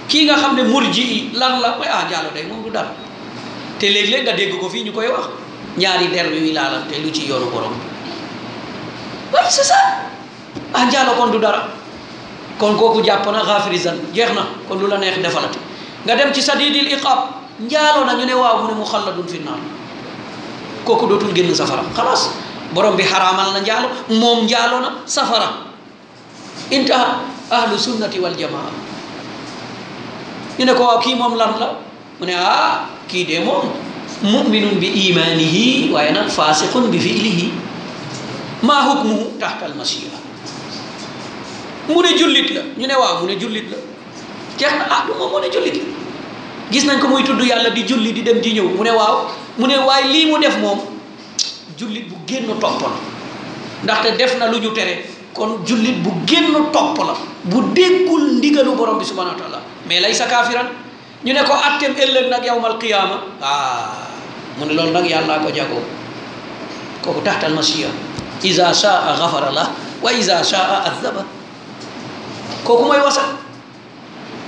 kii nga xam ne murji yi lan la mooy ah njaalo day moom du dara te léeg-léeg nga dégg ko fii ñu koy wax ñaari der yuy laalante lu ci yoonu borom waaye c'est ça ah njaalo kon du dara kon kooku jàpp na xaafirisal jeex na kon lu la neex defalati nga dem ci sadidil iqaab njaaloo na ñu ne waaw mu ne mu xalladun fi naar kooku dootul génn safara xalaas borom bi xaraamal na njaalo moom njaaloo na safara intaha ahlu sunnati wal ñu ne ko waaw kii moom lan la mu ah kii de moom muminun bi imaanihi waaye nag faasiqun bi fiilihi maa hukmuhu taxta almasira mu jullit la ñu ne waaw mu ne jullit la jeex na ah, moom mu jullit gis nañ ko muy tudd yàlla di julli di dem di ñëw mu ne waaw mu ne waaye lii mu def moom jullit bu génn topp la ndaxte def na lu ñu tere kon jullit bu génn topp la bu déggul ndigalu borom bi subhanahu wa taala mais lay sa kaafiran ñu ne ko atteem ëllëg nag yawmal qiyaama ah mu ne loolu nag yàllaa ko jagoo kooku taxtal masiya isa shaa gafara la wa isa shaa azaba kooku mooy wasat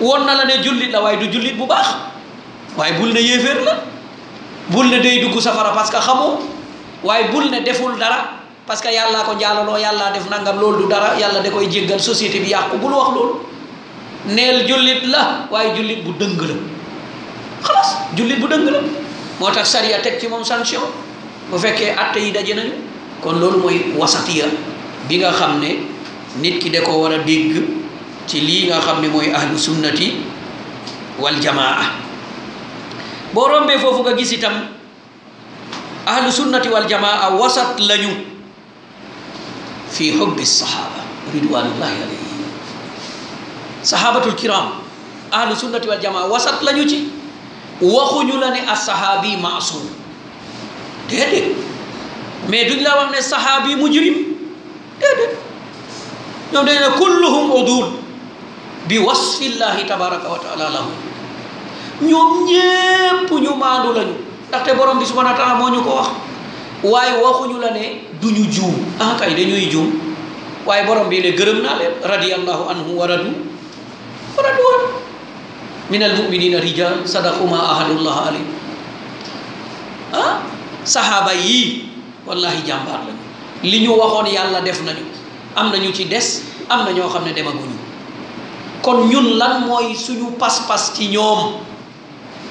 woon na la ne jullit la waaye du jullit bu baax waaye bul ne yéeféer la bul ne day dugg safara parce que xamoo waaye bul ne deful dara parce que yàllaa ko njaalaloo yàllaa def nangam loolu du dara yàlla da koy jéggal société bi yàqu bul wax loolu neel jullit la waaye jullit bu dëng la xalaas jullit bu dëng la moo tax sariya teg ci moom sanction bu fekkee atte yi daje nañu kon loolu mooy wasatiya bi nga xam ne nit ki da ko war a dégg ci lii nga xam ne mooy ahlu sunnati wal boo rombee foofu nga gis itam ahlu sunnati wal jamaa wasat lañu fi xubbi saxaaba ridwanullahi alayhim saxaabatul kiram ahlu sunnati wal wasat lañu ci waxuñu la ne asahaabi maasum déedéet mais duñ la wax ne sahaabi mujrim déedéet ñoom dañ ne kulluhum bi wasfillahi tabaraka wa taala lahu ñoom ñépp ñu maandu lañu ndaxte borom bi subhanahu wa taala moo ñu ko wax waaye waxuñu la ne duñu juum ah kay dañuy juum waaye borom bi ne gërëm naa leen radiyallahu anhu wa radu wa radu wa min almuminina rijal sadaqu ma ahadullah alayhi ah sahaaba yii wallahi jàmbaar lañu li ñu waxoon yàlla def nañu am nañu ci des am na ñoo xam ne demaguñu kon ñun lan mooy suñu pas-pas ci ñoom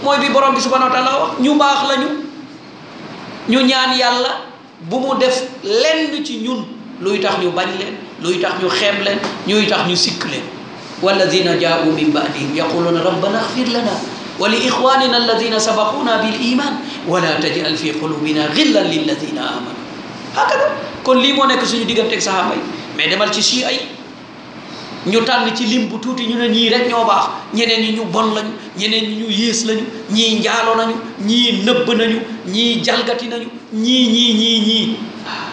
mooy bi borom bi subhanahu wa taala wax ñu baax lañu ñu ñaan yàlla bu mu def lenn ci ñun luy tax ñu bañ leen luy tax ñu xeeb leen ñuy tax ñu sikk leen walladina jaau min baadihim yaquluuna rabbana axfir lana wa li ixwanina alladina sabaquuna bil iman wala tajal fi qulubina gillan lilladina amanu hakada kon lii moo nekk suñu digganteeg sahaaba yi mais demal ci chi ay ñu tànn ci lim bu tuuti ñu ne ñii rek ñoo baax ñeneen ñi ñu bon lañu ñeneen ñi ñu yées lañu ñii njaalo nañu ñii nëbb nañu ñii jalgati nañu ñii ñii ñii ñii ah,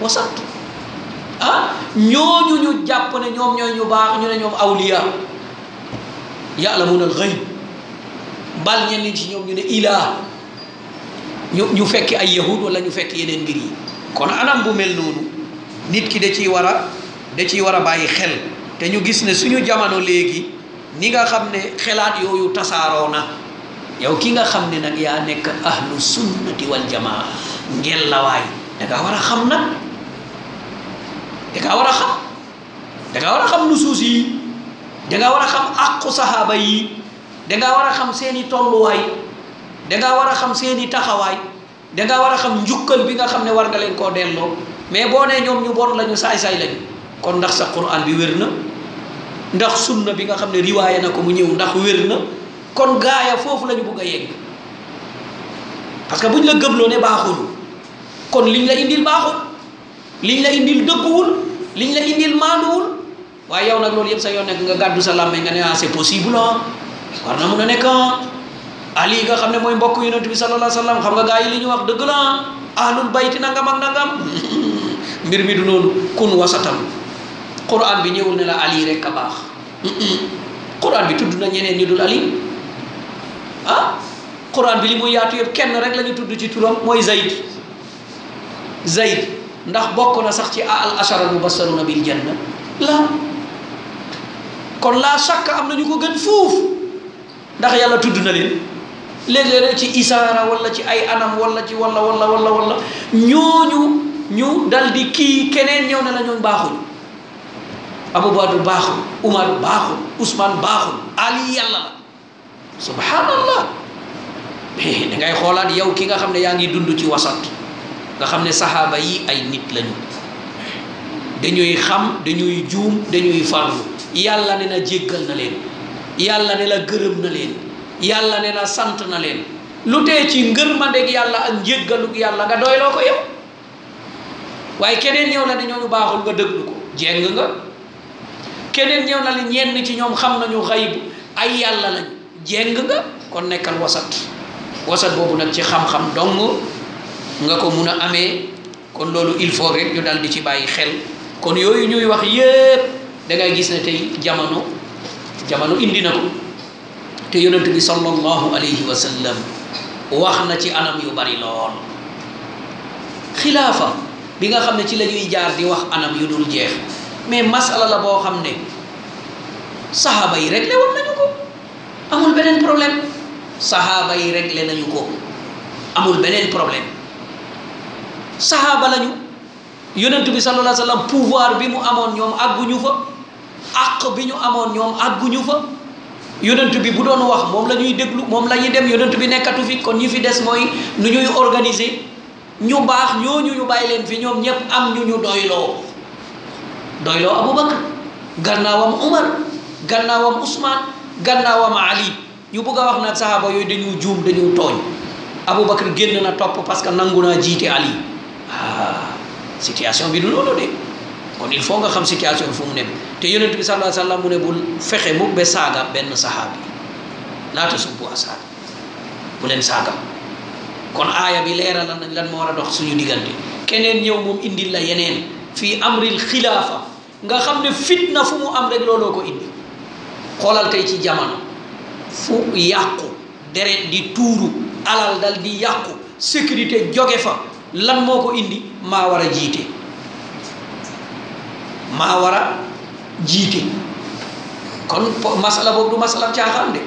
wasat ah ñooñu ñu jàpp ne ñoom ñooy ñu baax ñu ne ñoom awliya ya'lamuna al-ghayb bal ñenn ci ñoom ñu ne ilaa ñu ñu fekki ay yahud wala ñu fekk yeneen mbir yi kon anam bu mel noonu nit ki da ciy war a da ciy war a bàyyi xel te ñu gis ne suñu jamono léegi ni nga xam ne xelaat yooyu tasaaroo na yow ki nga xam ne nag yaa nekk ahlu sunnati wal jamaa ngel dangaa war a xam nag dangaa war a xam dangaa war a xam nusuus yi dangaa war a xam àqu saxaaba yi dangaa war a xam seeni tolluwaay dangaa war a xam seeni taxawaay dangaa war a xam njukkal bi nga xam ne war nga leen koo delloo mais boo nee ñoom ñu bon lañu saay-saay lañu kon ndax sa quran bi wér na ndax na bi nga xam ne riwaaya na ko mu ñëw ndax wér na kon gaaya foofu lañu ñu a yegg parce que bu la gëmloo ne baaxul kon liñ la indil baaxul liñ la indil dëgguwul liñ la indil maanuwul waaye yow nag loolu yëpp sa yoon nekk nga gàddu sa làmmeñ nga ne ah c'est possible ah war na mun a nekk ah, ali nga xam ne mooy mbokk yonent bi sallallahu alayhi wa xam nga gaa yi li ñu wax dëgg la ah, ahlul bayti nangam ak nangam mbir mi du noonu kun wasatam quran bi ñëwul ne la ali rek a baax quran bi tudd na ñeneen ñu dul ali ah quran bi li muy yaatu yëpp kenn rek la ñu tudd ci turam mooy zayd zayd ndax bokk na sax ci al ashara mubasaruna bil janna la kon laa shakk am na ñu ko gën foofu ndax yàlla tudd na leen léeg-léeg ci isaara wala ci ay anam walla ci wala wala wala wala ñooñu ñu dal di kii keneen ñëw ne la ñoom baaxuñu Abubakar baaxul Umar baaxul Ousmane baaxul Ali yàlla la subhanallah mais eh, da xoolaat yow ki nga xam ne yaa ngi dund ci wasat nga xam ne saxaaba yi ay nit lañu dañuy xam dañuy juum dañuy farlu yàlla ne na jéggal na leen yàlla ne la gërëm na leen yàlla ne na sant na leen lu tee ci ngërmandeeg yàlla ak njéggalug yàlla nga doyloo ko yow waaye keneen ñëw la dañoo ñooñu baaxul nga déglu ko jeng nga. keneen ñëw na la ñenn ci ñoom xam nañu xaybu ay yàlla la jéng nga kon nekkal wasat wasat boobu nag ci xam-xam dong nga ko mun a amee kon loolu il faut rek ñu dal di ci bàyyi xel kon yooyu ñuy wax yépp da gis ne tey jamono jamono indi na ko te yonent bi sallallahu alayhi wa wax na ci anam yu bari lool xilaafa bi nga xam ne ci lañuy jaar di wax anam yu dul jeex mais masala la boo xam ne saxaaba yi réglé woon nañu ko amul beneen problème saxaaba yi rek réglé nañu ko amul beneen problème saxaaba lañu yonent bi sallallahu alayhi wa pouvoir bi mu amoon ñoom àgguñu fa àq bi ñu amoon ñoom àgguñu fa yonent bi bu doon wax moom la ñuy déglu moom la ñuy dem yonent bi nekkatu fi kon ñi fi des mooy nu ñuy organiser ñu baax ñooñu ñu bàyyi leen fi ñoom ñëpp am ñu ñu doyloo doyloo Abu Bakar gannaawam Umar gannaawam Usmaan gannaawam Ali ñu bëgg a wax nag saxaaba yooyu dañu juum dañuy tooñ Abu Bakar génn na topp parce que nangu naa jiite Ali ah situation bi du loolu de kon il faut nga xam situation fu mu ne te yonent bi sallallahu alayhi wa sallam mu ne bul fexe mu ba saaga benn saxaabi laata subbu asaab bu leen saaga kon aaya bi leeral nañ lan moo war a dox suñu diggante keneen ñëw moom indil la yeneen. fii amril xilaafa nga xam ne fit na fu mu am rek looloo ko indi xoolal tey ci jamono fu yàqu deret di tuuru alal dal di yàqu sécurité joge fa lan moo ko indi maa war a jiite maa war a jiite kon masala boobu du masala caaxaan de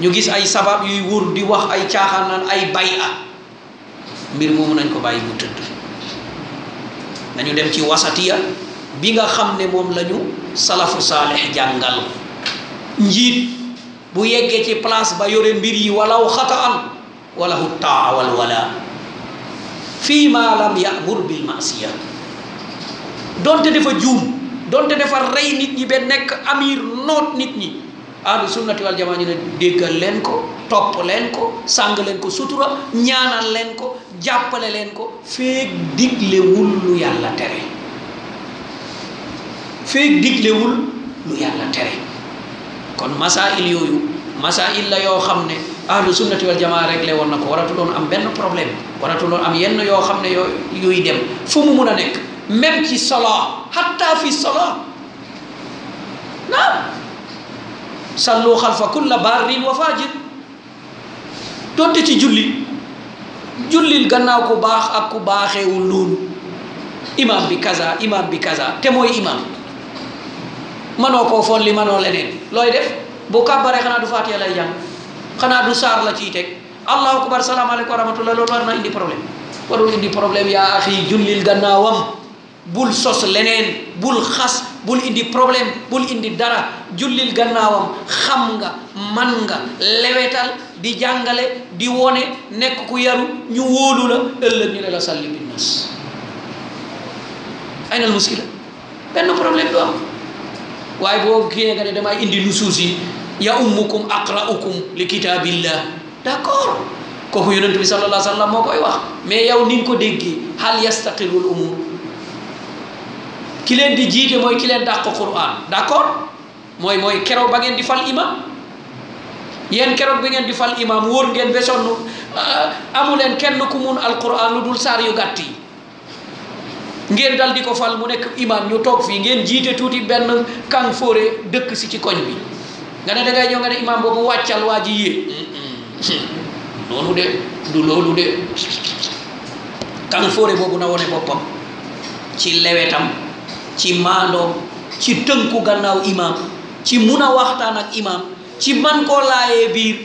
ñu gis ay sabab yuy wur di wax ay caaxaan naan ay bay a mbir moomu nañ ko bàyyi mu tëdd nañu dem ci wasatiya bi nga xam ne moom lañu ñu salafu saalix jàngal njiit bu yeggee ci place ba yore mbir yi walaw xataan walahu taa wal wala fii ma lam yamur bil masiya donte defa juum donte dafa rey nit ñi ba nekk amir noot nit ñi ahlu sunnati wal jamaa ñu ne déggal leen ko topp leen ko sàng leen ko sutura ñaanal leen ko jàppale leen ko feeg diglewul lu yàlla tere feeg diglewul lu yàlla tere kon masail yooyu masail la yoo xam ne ahlu sunnati wal jamaa réglé woon na ko waratu doon am benn problème waratu doon am yenn yoo xam ne yoo yooyu dem fu mu mun a nekk même ci solo hatta fi solo naam sallu xalfa kulla barrin wa fajir tonte ci julli jullil gannaaw ku baax ak ku baaxeewul loolu imam bi kaza imam bi kaza te mooy imam manoo koo foon li manoo leneen looy def bu kàbbaree xanaa du faatiha lay jàng xanaa du saar la ciy teg allahu akbar salaamaaleykum wa rahmatullah loolu war na indi problème warul indi problème yaa axi jullil gannaawam bul sos leneen bul xas bul indi problème bul indi dara jullil gannaawam xam nga man nga lewetal di jàngale di wone nekk ku yaru ñu wóolu la ëllëg ñu ne la salli binnas ay nal muskila benn problème du waaye boo génnee nga ne damay indi nusuus yi ya ummukum aqra'ukum li kitaabillah d'accord kooku yonent bi sallallahu alayhi wa sallam moo koy wax mais yow ni ko déggee hal yastaqirul umur ki leen di jiite mooy kileen leen dàq Qur'an d'accord mooy mooy keroog ba ngeen di fal imam yenn keroog bi ngeen di fal imam woor ngeen ba sonn ah, amu leen kenn ku mun alquran lu dul saar yu gàtt yi ngeen dal di ko fal mu nekk imam ñu toog fii ngeen jiite tuuti benn kàng fóore dëkk si ci koñ bi nga ne da ngay nga ne imam boobu wàccal waa ji yee loolu hmm, hmm. de du loolu de kàng fóore boobu na wone boppam ci lewetam ci maandoom ci tënku gannaaw imaam ci mun a waxtaan ak imaam ci man koo laayee biir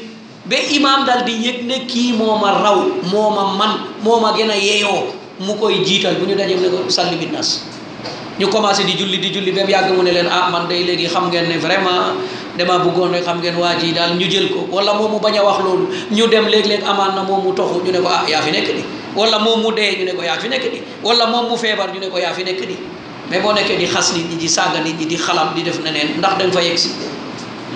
ba imaam dal di yëg ne kii moo ma raw moo ma man moo a gën a yeeyoo mu koy jiital bu ñu dajee ne ko salli bi nas ñu commencé di julli di julli ba mu yàgg mu ne leen ah man day léegi xam ngeen ne vraiment dama bëggoon rek xam ngeen waa ji daal ñu jël ko wala moom mu bañ a wax loolu ñu dem léeg-léeg amaan na moom mu toxu ñu ne ko ah yaa fi nekk di wala moom mu dee ñu ne ko yaa fi nekk di wala moom mu feebar ñu ne ko yaa fi nekk mais boo nekkee di xas nit ñi di saaga nit di xalam di def neneen ndax da nga fa yegg si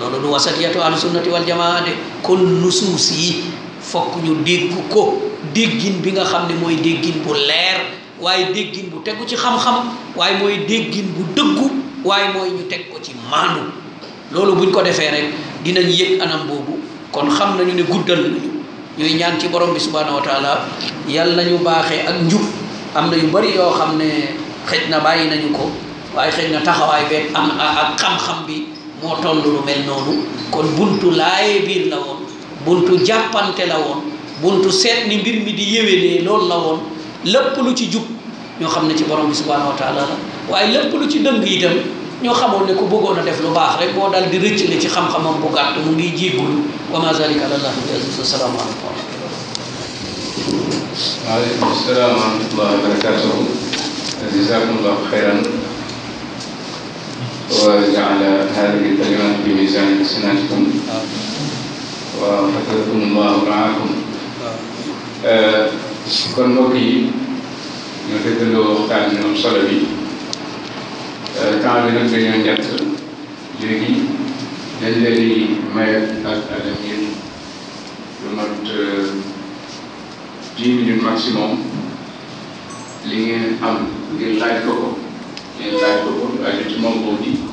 loolu du wasatiyatu ahlu sunnati wal jamaa de kon suus yi fokk ñu dégg ko déggin bi nga xam ne mooy déggin bu leer waaye déggin bu tegu ci xam-xam waaye mooy déggin bu dëggu waaye mooy ñu teg ko ci maandu loolu buñ ko defee rek dinañ yëg anam boobu kon xam nañu ne guddal nañu ñuy ñaan ci borom bi subhanahu wa taala yàlla nañu baaxee ak njub am na yu bari yoo xam ne xëj na bàyyi nañu ko waaye xëj na taxawaay beeg am ak xam-xam bi moo toll lu mel noonu kon buntu laaye biir la woon buntu jàppante la woon buntu seet ni mbir mi di yéwénee loolu la woon lépp lu ci jub ñoo xam ne ci borom bi subhanahu wa waaye lépp lu ci dëng itam ñoo xamoon ne ku bëggoon def lu baax rek boo dal di rëcc le ci xam-xamam bu gàtt mu ngi jéggulu wa ma la alallahi bi aziz assalaamu salaam wa rahmatullah jazakumullahu xayran wa jaala hadihi kalimat bi mizan sanatikum wa xafadakumullahu raakum eh, kon mbokk yi ñu dëggaloo waxtaan bi am solo bi eh, temps bi nag dañoo ñett léegi dañ leen di maye ak alam yéen lu mat eh, dix minutes maximum li am ngir laaj ko ko ngeen laaj ko ko waaye